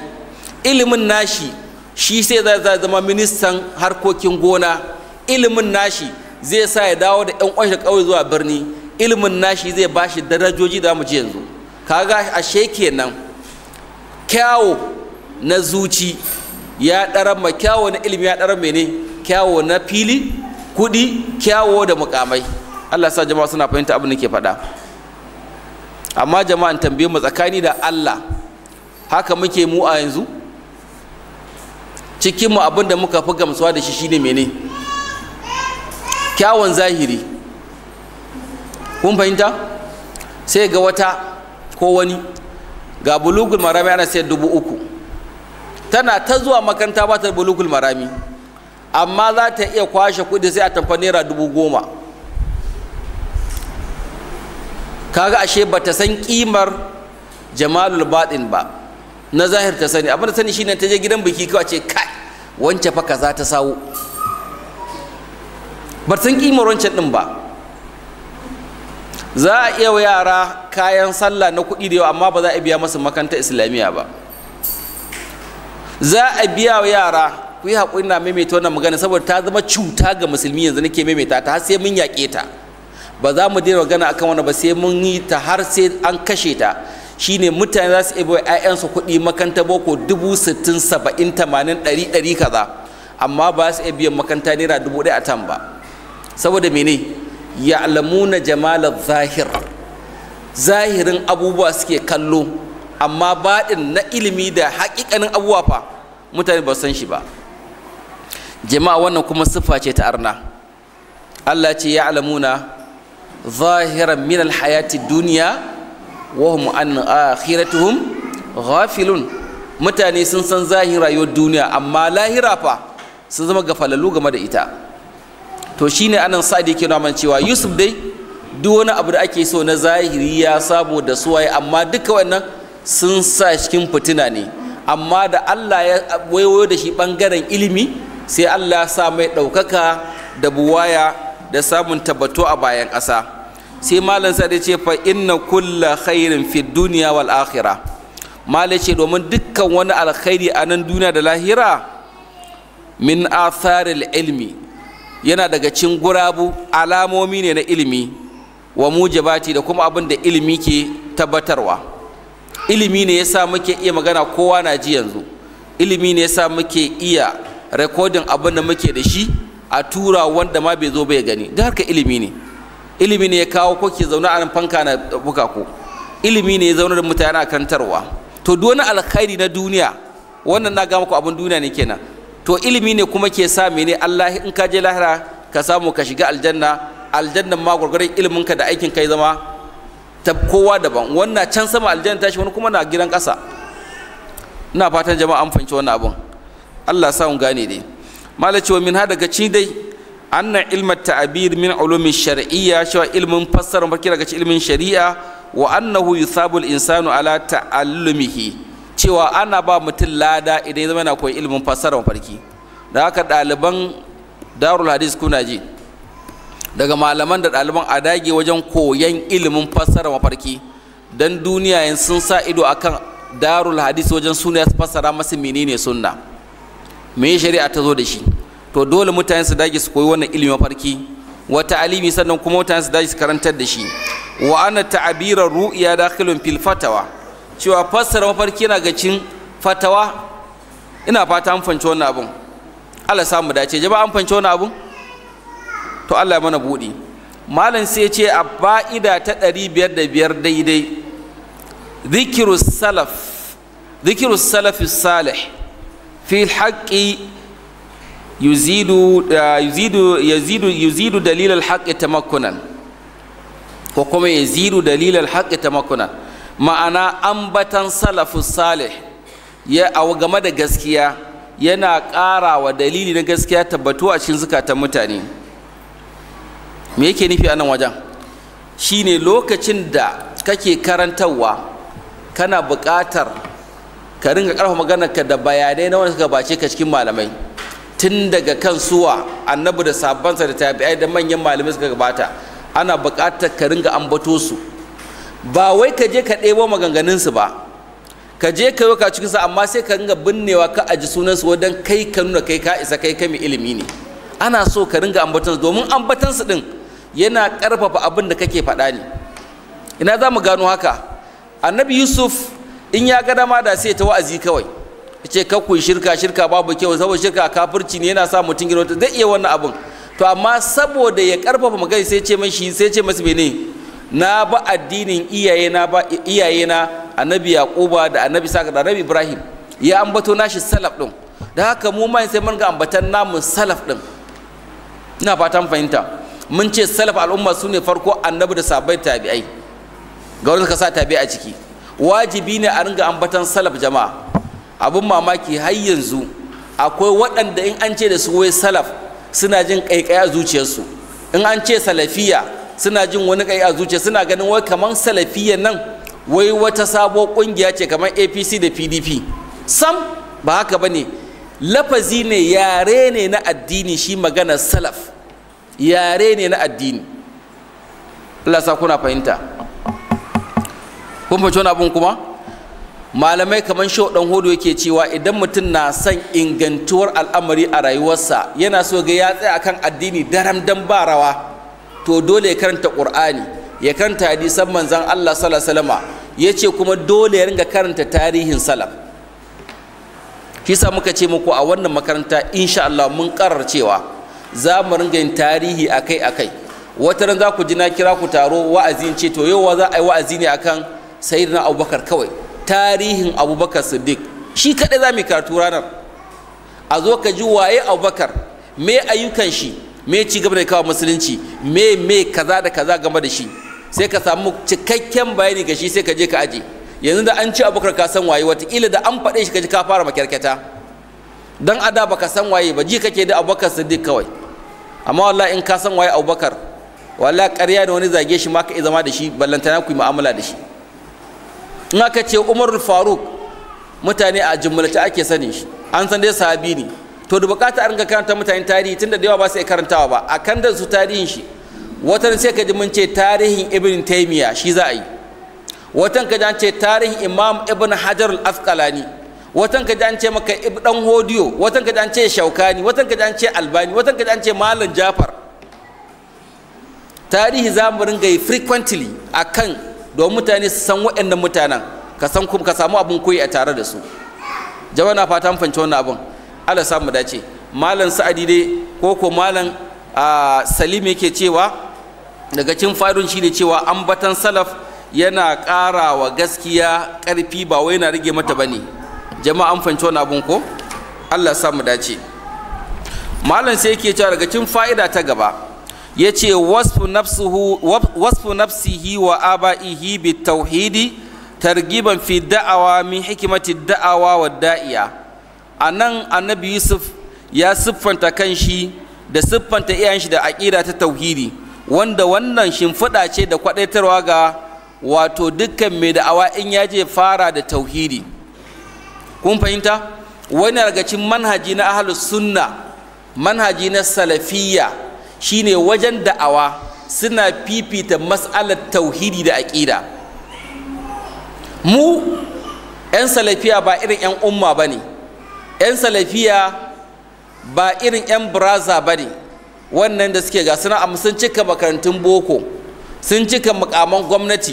ilimin nashi shi sai za zama ministan harkokin gona ilimin nashi zai sa ya dawo da yan kwashe kauye zuwa birni ilimin nashi zai bashi darajoji da mu ji yanzu kaga ashe nan. kyawo na zuci ya ɗara ma kyawo na ilimi ya ɗara mene kyawo na fili kuɗi kyawo da mukamai Allah sa jama'a suna fahimta abin da ke faɗa amma jama'an tambaye mu tsakani da Allah haka muke mu a yanzu cikin mu abin da muka fi gamsuwa da shi shine mene kyawun zahiri kun fahimta sai ga wata ko wani ga bulugul marami ana sai dubu uku tana ta zuwa makaranta ba ta bulugul marami amma za ta iya kwashe kuɗi sai a tamfa naira dubu goma kaga ashe ba ta san kimar jamalul baɗin ba na zahir ta sani abin da sani shine ta je gidan biki kawai ce kai wance fa kaza ta sawo ba san kimar wancan din ba za a iya wa yara kayan sallah na kuɗi da yawa amma ba za a biya masu makarantar islamiyya ba za a biya wa yara ku yi haƙuri na maimaita wannan magana saboda ta zama cuta ga musulmi yanzu nake maimaita ta har sai mun yaƙe ta ba za mu daina magana akan wani ba sai mun yi ta har sai an kashe ta shine mutane za su ebo ƴaƴansu kuɗi makanta boko dubu sittin saba'in tamanin ɗari ɗari kaza amma ba su iya biyan makanta naira dubu ɗaya a tan ba saboda mene lamuna jamala zahir zahirin abubuwa suke kallo amma baɗin na ilimi da haƙiƙanin abubuwa fa mutane ba san shi ba jama'a wannan kuma siffa ce ta arna Allah ce ya alamuna zahiran min hayati duniya wa hum an akhiratuhum ghafilun mutane sun san zahirin rayuwar duniya amma lahira fa sun zama gafalalu game da ita to shine anan sa'adi ke nuna cewa Yusuf dai duk wani abu da ake so na zahiri ya samu da suwaye amma duka wannan sun sa cikin fitina ne amma da Allah ya wayo da shi bangaren ilimi sai allah ya sa mai ɗaukaka da buwaya da samun tabbato a bayan ƙasa sai malam sa da ce fa inna kulla khairin fi duniya wal akhira malam ce domin dukkan wani alkhairi a nan duniya da lahira min atharil ilmi yana daga cin gurabu alamomi ne na ilimi wa mujabati da kuma abin da ilimi ke tabbatarwa ilimi ne yasa muke iya magana kowa na ji yanzu ilimi ne yasa muke iya rekodin abin da muke da shi a tura wanda ma bai zo bai gani da harka ilimi ne ilimi ne ya kawo ko ke zaune a nan fanka na buka ko ilimi ne ya zaune da mutane a kantarwa to duk wani alkhairi na duniya wannan na ga muku abin duniya ne kenan to ilimi ne kuma ke sa mene Allah in ka je lahira ka samu ka shiga aljanna aljannan ma gurgurin ka da aikin kai zama ta kowa daban wannan can sama aljanna tashi wani kuma na gidan ƙasa ina fatan jama'a an fahimci wannan abin Allah sa un gane dai mala cewa min ha daga ci dai anna ilmat ta'bir min ulumi shar'iyya cewa ilmin fassara mafarki daga cikin ilmin shari'a wa annahu yusabu al-insanu ala ta'allumihi cewa ana ba mutum lada idan ya zama yana koyi ilmin fassara mafarki da haka ɗaliban darul hadis kuna ji daga malaman da ɗaliban a dage wajen koyan ilimin fassara mafarki don duniya sun sa ido akan darul hadis wajen suna ya fassara masu menene sunna me shari'a ta zo da shi to dole mutane su dage su koyi wannan ilimin farki wata alimi sannan kuma mutane su dage su karantar da shi wa ana ta'abirar ru'iya dakhilun fil fatawa cewa fassara mafarki yana gacin fatawa ina fata an fanci wannan abun Allah samu dace jama'a an fanci wannan abun to Allah ya mana buɗi malam sai ce a ba'ida ta ɗari biyar da biyar daidai zikiru salaf zikiru salafis salih fil haqqi yuzidu uh, yuzidu yuzidu yuzidu dalil ko kuma yuzidu dalil al haqqi tamakkunan ma'ana ambatan salafus salih ya game da gaskiya yana ƙarawa wa dalili na gaskiya tabbatu a cikin zukatan mutane me yake nufi a nan wajen shine lokacin da kake karantarwa kana buƙatar ka ringa karfa ka da bayanai na wanda suka bace ka cikin malamai tun daga kan suwa annabi da sabansa da tabi'ai da manyan malamai suka gabata ana buƙatar ka ringa ambato su ba wai ka je ka ɗebo maganganunsu ba ka je ka yi cikin sa amma sai ka ringa binnewa ka aji sunansu wajen kai ka nuna kai ka isa kai ka mai ilimi ne ana so ka ringa su domin su din yana karfafa abin da kake faɗa ne ina za mu gano haka annabi yusuf in ya ga dama da sai ta wa'azi kawai ce kakkun shirka shirka babu kyau saboda shirka kafirci ne yana sa mutum gina zai iya wannan abun to amma saboda ya karfafa magani sai ce mashi sai ce masu mene na ba addinin iyaye na ba iyaye na annabi yaquba da annabi saka da annabi ibrahim ya ambato nashi salaf din da haka mu mai sai mun ga ambatan namu salaf din ina fatan fahimta mun ce salaf al'umma sune farko annabi da sabai tabi'ai ga wanda ka sa tabi'a ciki wajibi ne a ringa ambatan salaf jama'a abin mamaki har yanzu akwai waɗanda in an ce da su wai salaf suna jin a zuciyarsu in an ce salafiya suna jin wani a zuciya suna ganin wai kamar salafiyan nan wai wata sabuwar ƙungiya ce kamar apc da pdp sam ba haka ba ne lafazi ne yare ne na addini shi magana salaf yare ne na addini Allah sa kuna fahimta kun fahimci wani abun kuma malamai kamar shi dan hodo yake cewa idan mutum na son ingantuwar al'amari a rayuwarsa yana so ga ya tsaya akan addini daram dan ba rawa to dole ya karanta qur'ani ya karanta hadisan manzon Allah sallallahu alaihi ya yace kuma dole ya ringa karanta tarihin salaf kisa muka ce muku a wannan makaranta insha Allah mun karar cewa za mu ringa yin tarihi akai akai wata ran za ku ji na kira ku taro wa'azi ce to yau za a yi wa'azi ne akan sayyidina abubakar kawai tarihin abubakar siddiq shi kaɗai za mu karatu ranar a zo ka ji waye abubakar me ayyukan shi me ci gaba da kawo musulunci me me kaza da kaza game da shi sai ka samu cikakken bayani ga shi sai ka je ka aje yanzu da an ci abubakar ka san waye wataƙila da an faɗe shi ka ji ka fara makyarkyata don ada baka san waye ba ji kake da abubakar siddiq kawai amma wallahi in ka san waye abubakar wallahi ƙarya da wani zage shi ma ka zama da shi ballantana ku yi mu'amala da shi in aka ce umarul faruk mutane a jumlace ake sani shi an san dai sahabi ne to da bukata a ringa karanta mutane tarihi tunda da yawa ba su iya karantawa ba a kan da su tarihin shi watan sai ka ji mun ce tarihin ibn taymiya shi za a yi watan ka ji an ce tarihin imam ibn hajar al-asqalani watan ka ji an ce maka dan hodiyo watan ka ji an ce shaukani watan ka ji an ce albani watan ka ji an ce malam jafar tarihi za mu ringa yi frequently akan don mutane su san waɗannan mutanen ka san ka samu abin koyi a tare da su jama'a na fata mun fanci wannan abin Allah samu dace malam sa'adi dai ko ko malam salim yake cewa daga cikin fadun shine cewa ambatan salaf yana ƙara wa gaskiya ƙarfi ba wai yana rage mata bane jama'a an fanci wannan abin ko Allah samu dace malam sai yake cewa daga cikin fa'ida ta gaba ya ce wasfu nafsihi wa aba'ihi bi tauhidi targiban fi da'awa min hikimati da'awa wa da'iya a nan annabi yusuf ya siffanta kanshi da siffanta shi da aƙida ta tauhidi wanda wannan shimfiɗa ce da kwaɗaitarwa ga wato dukkan mai da'awa in ya je fara da tauhidi kun fahimta wani daga manhaji na ahlus sunna manhaji na salafiyya shine wajen da'awa suna fifita mas'alar tauhidi da aƙida mu 'yan salafiya ba irin 'yan umma ba ne 'yan salafiya ba irin 'yan braza ba ne wannan da suke ga suna amma sun cika makarantun boko sun cika makaman gwamnati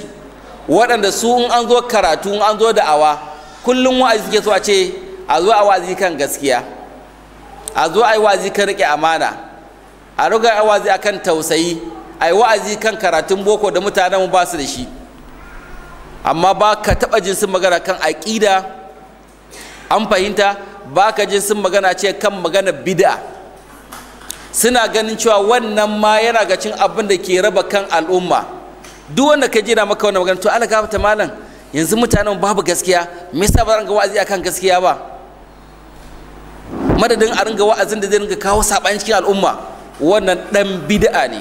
waɗanda su in an zo karatu in an zo da'awa kullum wa'azi suke so a ce a zo a wa'azi kan gaskiya a zo a yi wa'azi kan riƙe amana a ruga wa'azi akan tausayi a yi wa'azi kan karatun boko da mutanen ba su da shi amma ba ka taɓa jin sun magana kan aƙida an fahimta ba ka jin sun magana ce kan magana bid'a suna ganin cewa wannan ma yana ga cin abin da ke raba kan al'umma duk wanda ka jira maka wannan magana to ala ka fata malam yanzu mutanen babu gaskiya me yasa ba ga wa'azi akan gaskiya ba madadin a ringa wa'azin da zai ringa kawo saɓani cikin al'umma wannan ɗan bid'a ne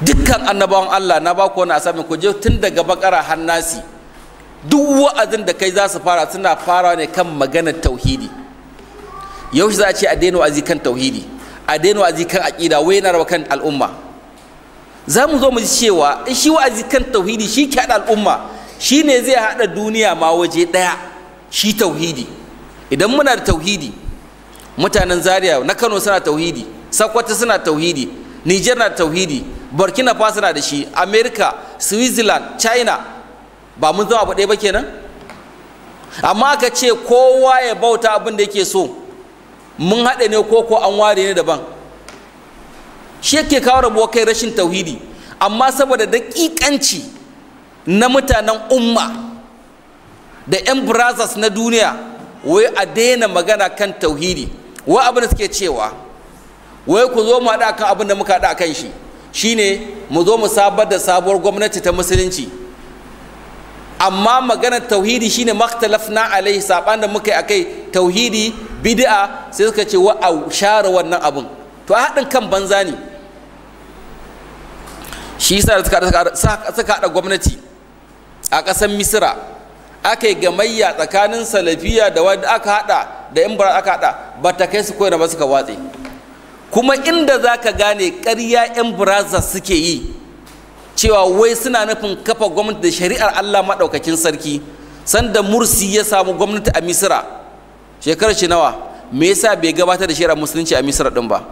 dukkan annabawan Allah na ba ku wani asamin ku je tun daga bakara hannasi duk wa'azin da kai za su fara suna fara ne kan maganar tauhidi yaushe za a ce a daina wa'azi kan tauhidi a daina wa'azi kan aƙida wai na raba kan al'umma za mu zo mu ji cewa shi wa'azi kan tauhidi shi ke haɗa al'umma shi ne zai haɗa duniya ma waje ɗaya shi tauhidi idan muna da tauhidi mutanen zaria na kano suna tauhidi sakwata suna tauhidi niger na tauhidi burkina faso na da shi america switzerland china ba mun zama abu ɗaya ba kenan amma aka ce kowa ya bauta abin da yake so mun haɗe ne ko ko an ware ne daban shi yake kawo rabuwa kai rashin tauhidi amma saboda daƙiƙanci na mutanen umma da 'yan brothers na duniya wai a daina magana kan tauhidi wa abin da suke cewa wai ku zo mu haɗa kan abin da muka haɗa kan shi shine mu zo mu sabar da sabuwar gwamnati ta musulunci amma maganar tauhidi shine makhtalafna alaihi saban da muka yi akai tauhidi Bidi'a sai suka ce wa a share wannan abin to a haɗin kan banza ne shi yasa da suka haɗa gwamnati a ƙasar misira aka yi gamayya tsakanin salafiya da wanda aka haɗa da yan bara aka haɗa ba ta kai su koyar ba suka watse kuma inda za ka gane ƙarya yan buraza suke yi cewa wai suna nufin kafa gwamnati da shari'ar allah maɗaukakin sarki sanda mursi ya samu gwamnati a misira shekarar shi nawa me yasa bai gabatar da shari'ar musulunci a misira ɗin ba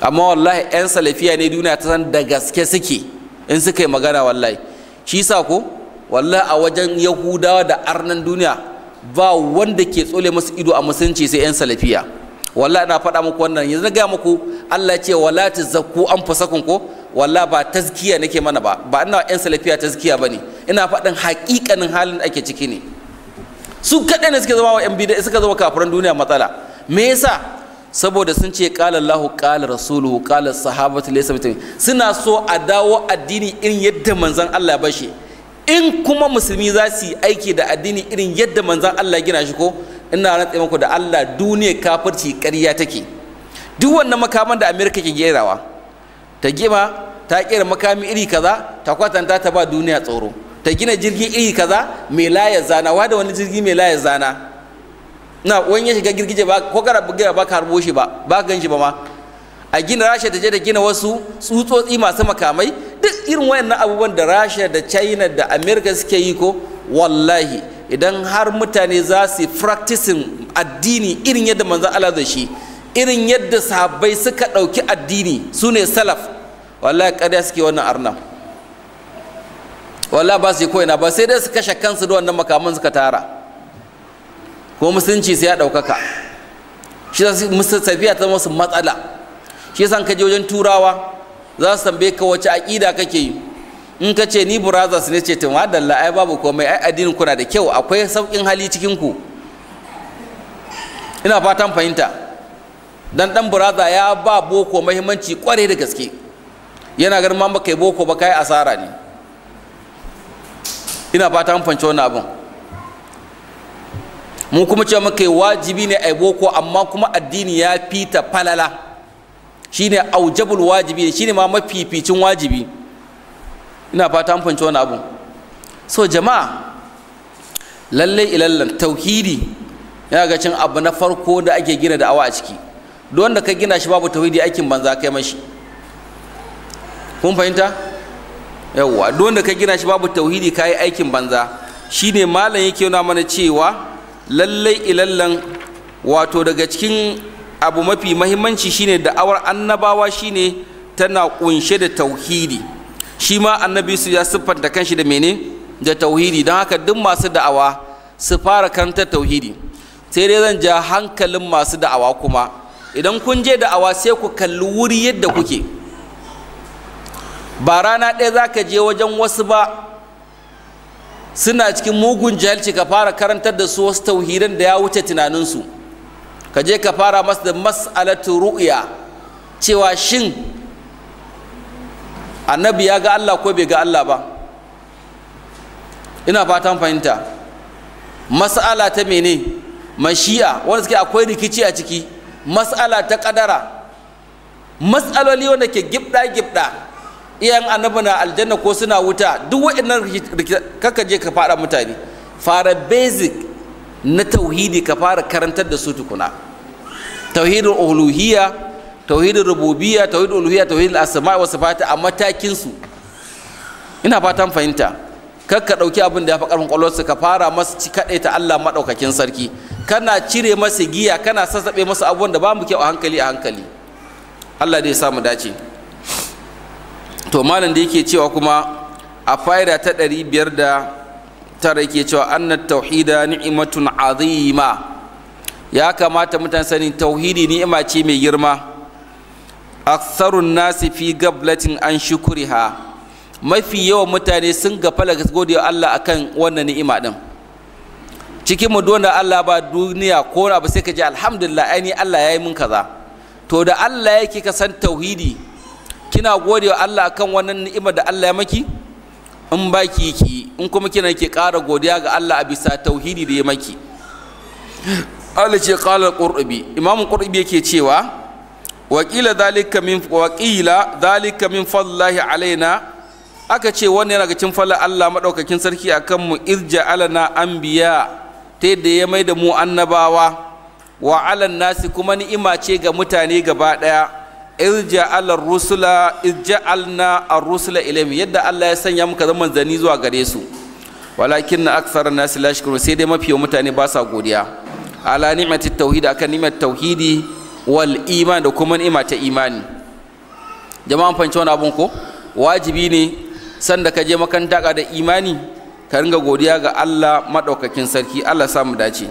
amma wallahi 'yan salafiya ne duniya ta san da gaske suke in suka yi magana wallahi shi sa ko wallahi a wajen yahudawa da arnan duniya ba wanda ke tsole masu ido a musulunci sai yan salafiya wallahi na faɗa muku wannan yanzu na gaya muku Allah ce wala tazakku fasakun ko wallahi ba tazkiya nake mana ba ba ina yan salafiya tazkiya bane ina faɗin haƙiƙanin halin da ake ciki ne su kaɗai ne suke zama wa yan bid'a suka zama kafiran duniya matsala me yasa saboda sun ce qala Allahu qala rasuluhu qala sahabatu laysa suna so a dawo addini irin yadda manzon Allah ya bashi in kuma musulmi za su yi aiki da addini irin yadda manzan Allah gina shi ko ina rantsa muku da Allah duniyar kafirci ƙarya take duk wannan makaman da Amerika ke gerawa ta gima ta kera makami iri kaza ta kwatanta ta ba duniya tsoro ta gina jirgi iri kaza mai layar zana wa da wani jirgi mai layar zana na wani ya shiga girgije ba ko gara bugira ba ka harbo shi ba ba gan shi ba ma a gina rasha ta je da gina wasu tsutsotsi masu makamai irin wayannan abubuwan da rasha da china da america suke yi ko wallahi idan har mutane za su practicing addini irin yadda manzo Allah da shi irin yadda sahabbai suka ɗauki addini su ne salaf wallahi ƙarya suke wannan arna wallahi ba su yi koyana ba sai dai su kashe kansu da wannan makaman suka tara ko musulunci sai ya ɗaukaka shi musu tafiya ta musu matsala shi yasa ka je wajen turawa za su tambaye ka wace aƙida kake yi in ka ce ni brothers ne ce tun madalla ai babu komai ai addinin kuna da kyau akwai sauƙin hali cikin ku ina fatan fahimta dan dan brother ya ba boko muhimmanci kware da gaske yana ganin ma baka yi boko ba kai asara ne ina fatan fahimci wannan abin mu kuma ce muka yi wajibi ne ai boko amma kuma addini ya fita falala shine aujabul wajibi shine ma mafificin wajibi ina fata an fahimci wani abu so jama'a lallai ilallan tauhidi yana ga cin abu na farko da ake gina da awa a ciki Don wanda ka gina shi babu tauhidi aikin banza kai mashi kun fahimta yawwa Don wanda ka gina shi babu tauhidi kai aikin banza shine malam yake nuna mana cewa lallai ilallan wato daga cikin abu mafi mahimmanci shine da'awar annabawa shine tana kunshe da tauhidi shi ma annabi su ya siffanta kanshi da mene da tauhidi don haka duk masu da'awa su fara kanta tauhidi sai dai zan ja hankalin masu da'awa kuma idan kun je da'awa sai ku kalli wuri yadda kuke ba rana ɗaya za ka je wajen wasu ba suna cikin mugun jahilci ka fara karantar da su wasu tauhidan da ya wuce tunaninsu ka je ka fara masu da mas'alatu ru'ya cewa shin annabi ya ga Allah ko bai ga Allah ba ina fatan fahimta mas'ala ta mene mashi'a wanda suke akwai rikici a ciki mas'ala ta kadara mas'aloli wanda ke gibda gibda iyayen annabi na aljanna ko suna wuta duk waɗannan kaka je ka fara mutane fara basic na tauhidi ka fara karantar da su tukuna tauhidin uluhiyya tauhidin rububiyya tauhidin uluhiyya tauhidin asma wa sifati a matakin su ina fatan fahimta kar ka dauki abin da ya fi karfin kwalwarsa ka fara masa ci ta Allah madaukakin sarki kana cire masa giya kana sassabe masa abubuwan da ba mu kyau a hankali a hankali Allah dai ya samu dace to malam da yake cewa kuma a fa'ida ta ɗari biyar da tara yake cewa annat tauhida ni'matun azima ya kamata mutane sani tauhidi ni'ima ce mai girma aktharun nasi fi gablatin an shukuriha mafi yawan mutane sun gafala ga gode Allah akan wannan ni'ima din cikin mu da Allah ba duniya ko abu sai ka ji alhamdulillah aini Allah ya mun kaza to da Allah yake ka san tauhidi kina gode Allah akan wannan ni'ima da Allah ya maki in ba ki ki in kuma kina ki ƙara godiya ga Allah a bisa tauhidi da ya maki Allah ce qala qurbi imamu qurbi yake cewa wa qila min wa qila min fadlillahi alaina aka ce wannan yana ga cin falla Allah madaukakin sarki akan mu irja alana anbiya ta yadda ya mai da mu annabawa wa alan nasi kuma ni'ima ce ga mutane gaba ɗaya. ilja ala rusula alna rusula yadda Allah ya sanya muka zama zani zuwa gare su walakin na aksar nasi la shukuru sai dai mafiya mutane ba sa godiya ala ni'matit tauhid akan ni'mat tauhidi wal iman da kuma ni'ma ta imani jama'an fanci wani abun ko wajibi ne san da ka je makaranta ka da imani ka ringa godiya ga Allah maɗaukakin sarki Allah samu dace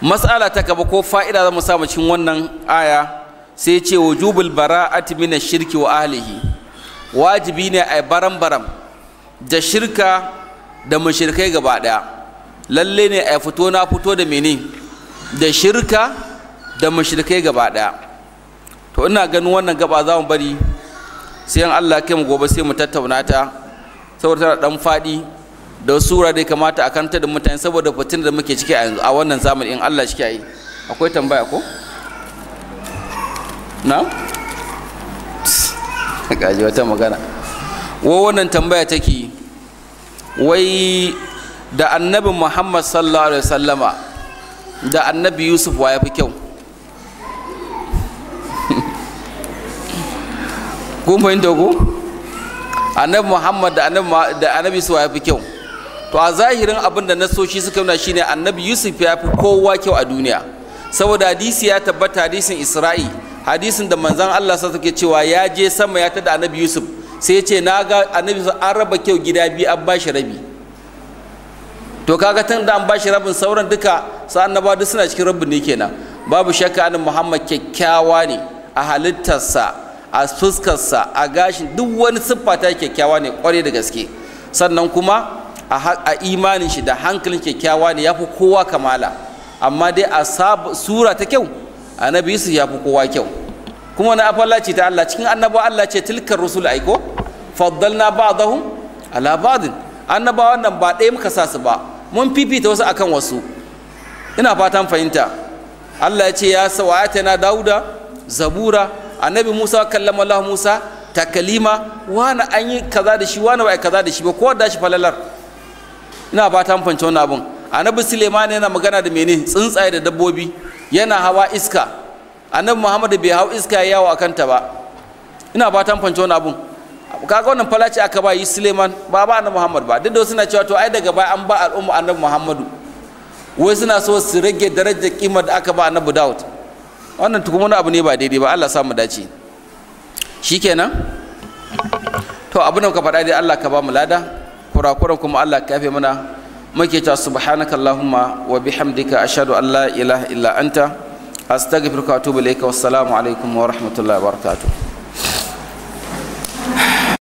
mas'ala ta gaba ko fa'ida za mu samu cikin wannan aya sai ce wujubul bara'ati min shirki wa ahlihi wajibi ne a baram baram da shirka da mushrikai gaba daya lalle ne a fito na fito da mene da shirka da mushrikai gaba daya to ina ganin wannan gaba za mu bari sai Allah kai mu gobe sai mu tattauna ta saboda tana dan fadi da sura da kamata a kanta da mutane saboda fitin da muke ciki a yanzu a wannan zamanin in Allah shi yi akwai tambaya ko na? gaji wata magana wa wannan tambaya take wai da annabi muhammad sallallahu alaihi wasallama da annabi yusuf wa ya fi kyau kun fahimta dogo annabi muhammad da annabi yusuf wa ya fi kyau to a zahirin abin da nasoshi suka nuna shine annabi yusuf ya fi kowa kyau a duniya saboda hadisi ya tabbata hadisin isra'i hadisin da manzan Allah sa suke cewa ya je sama ya tada annabi Yusuf sai ya ce na ga annabi an raba kyau gida biyu an bashi rabi to kaga tun da an bashi rabin sauran duka sa annabawa duk suna cikin rabin ne kenan babu shakka an Muhammad kyakkyawa ne a halittarsa a fuskarsa a gashin duk wani siffa ta kyakkyawa ne kware da gaske sannan kuma a imanin shi da hankalin kyakkyawa ne ya fi kowa kamala amma dai a sura ta kyau annabi yusuf ya fi kowa kyau kuma wani afallaci ta Allah cikin annaba Allah ce tilkar rusul aiko faddalna ba'dahum zahun alabadin annabawa nan ba ɗaya muka sa su ba mun fifita wasu akan wasu ina fatan fahimta Allah ya ce ya sawayata na dauda zabura annabi musa kallama Allah musa takalima wani an yi kaza da shi wani ba kaza da shi ba Ko da shi falalar ina fatan fahimta wani abun annabi suleiman yana magana da mene tsuntsaye da dabbobi yana hawa iska annabi muhammadu bai hau iska ya yawo a kanta ba ina fatan fanci wani abun kaga wannan falaci aka ba yi suleiman ba ba annabi muhammadu ba duk da suna cewa to ai daga baya an ba al'umma annabi muhammadu wai suna so su rage darajar kimar da aka ba annabi daud wannan tukuma wani abu ne ba daidai ba allah samu dace shikenan to abin da ka faɗa dai allah ka ba mu lada kurakuran kuma allah ka fi mana muke ta subhanaka allahumma wa bihamdika ashhadu an la ilaha illa anta astaghfiruka wa atubu ilayka wassalamu alaikum wa rahmatullahi wa barakatuh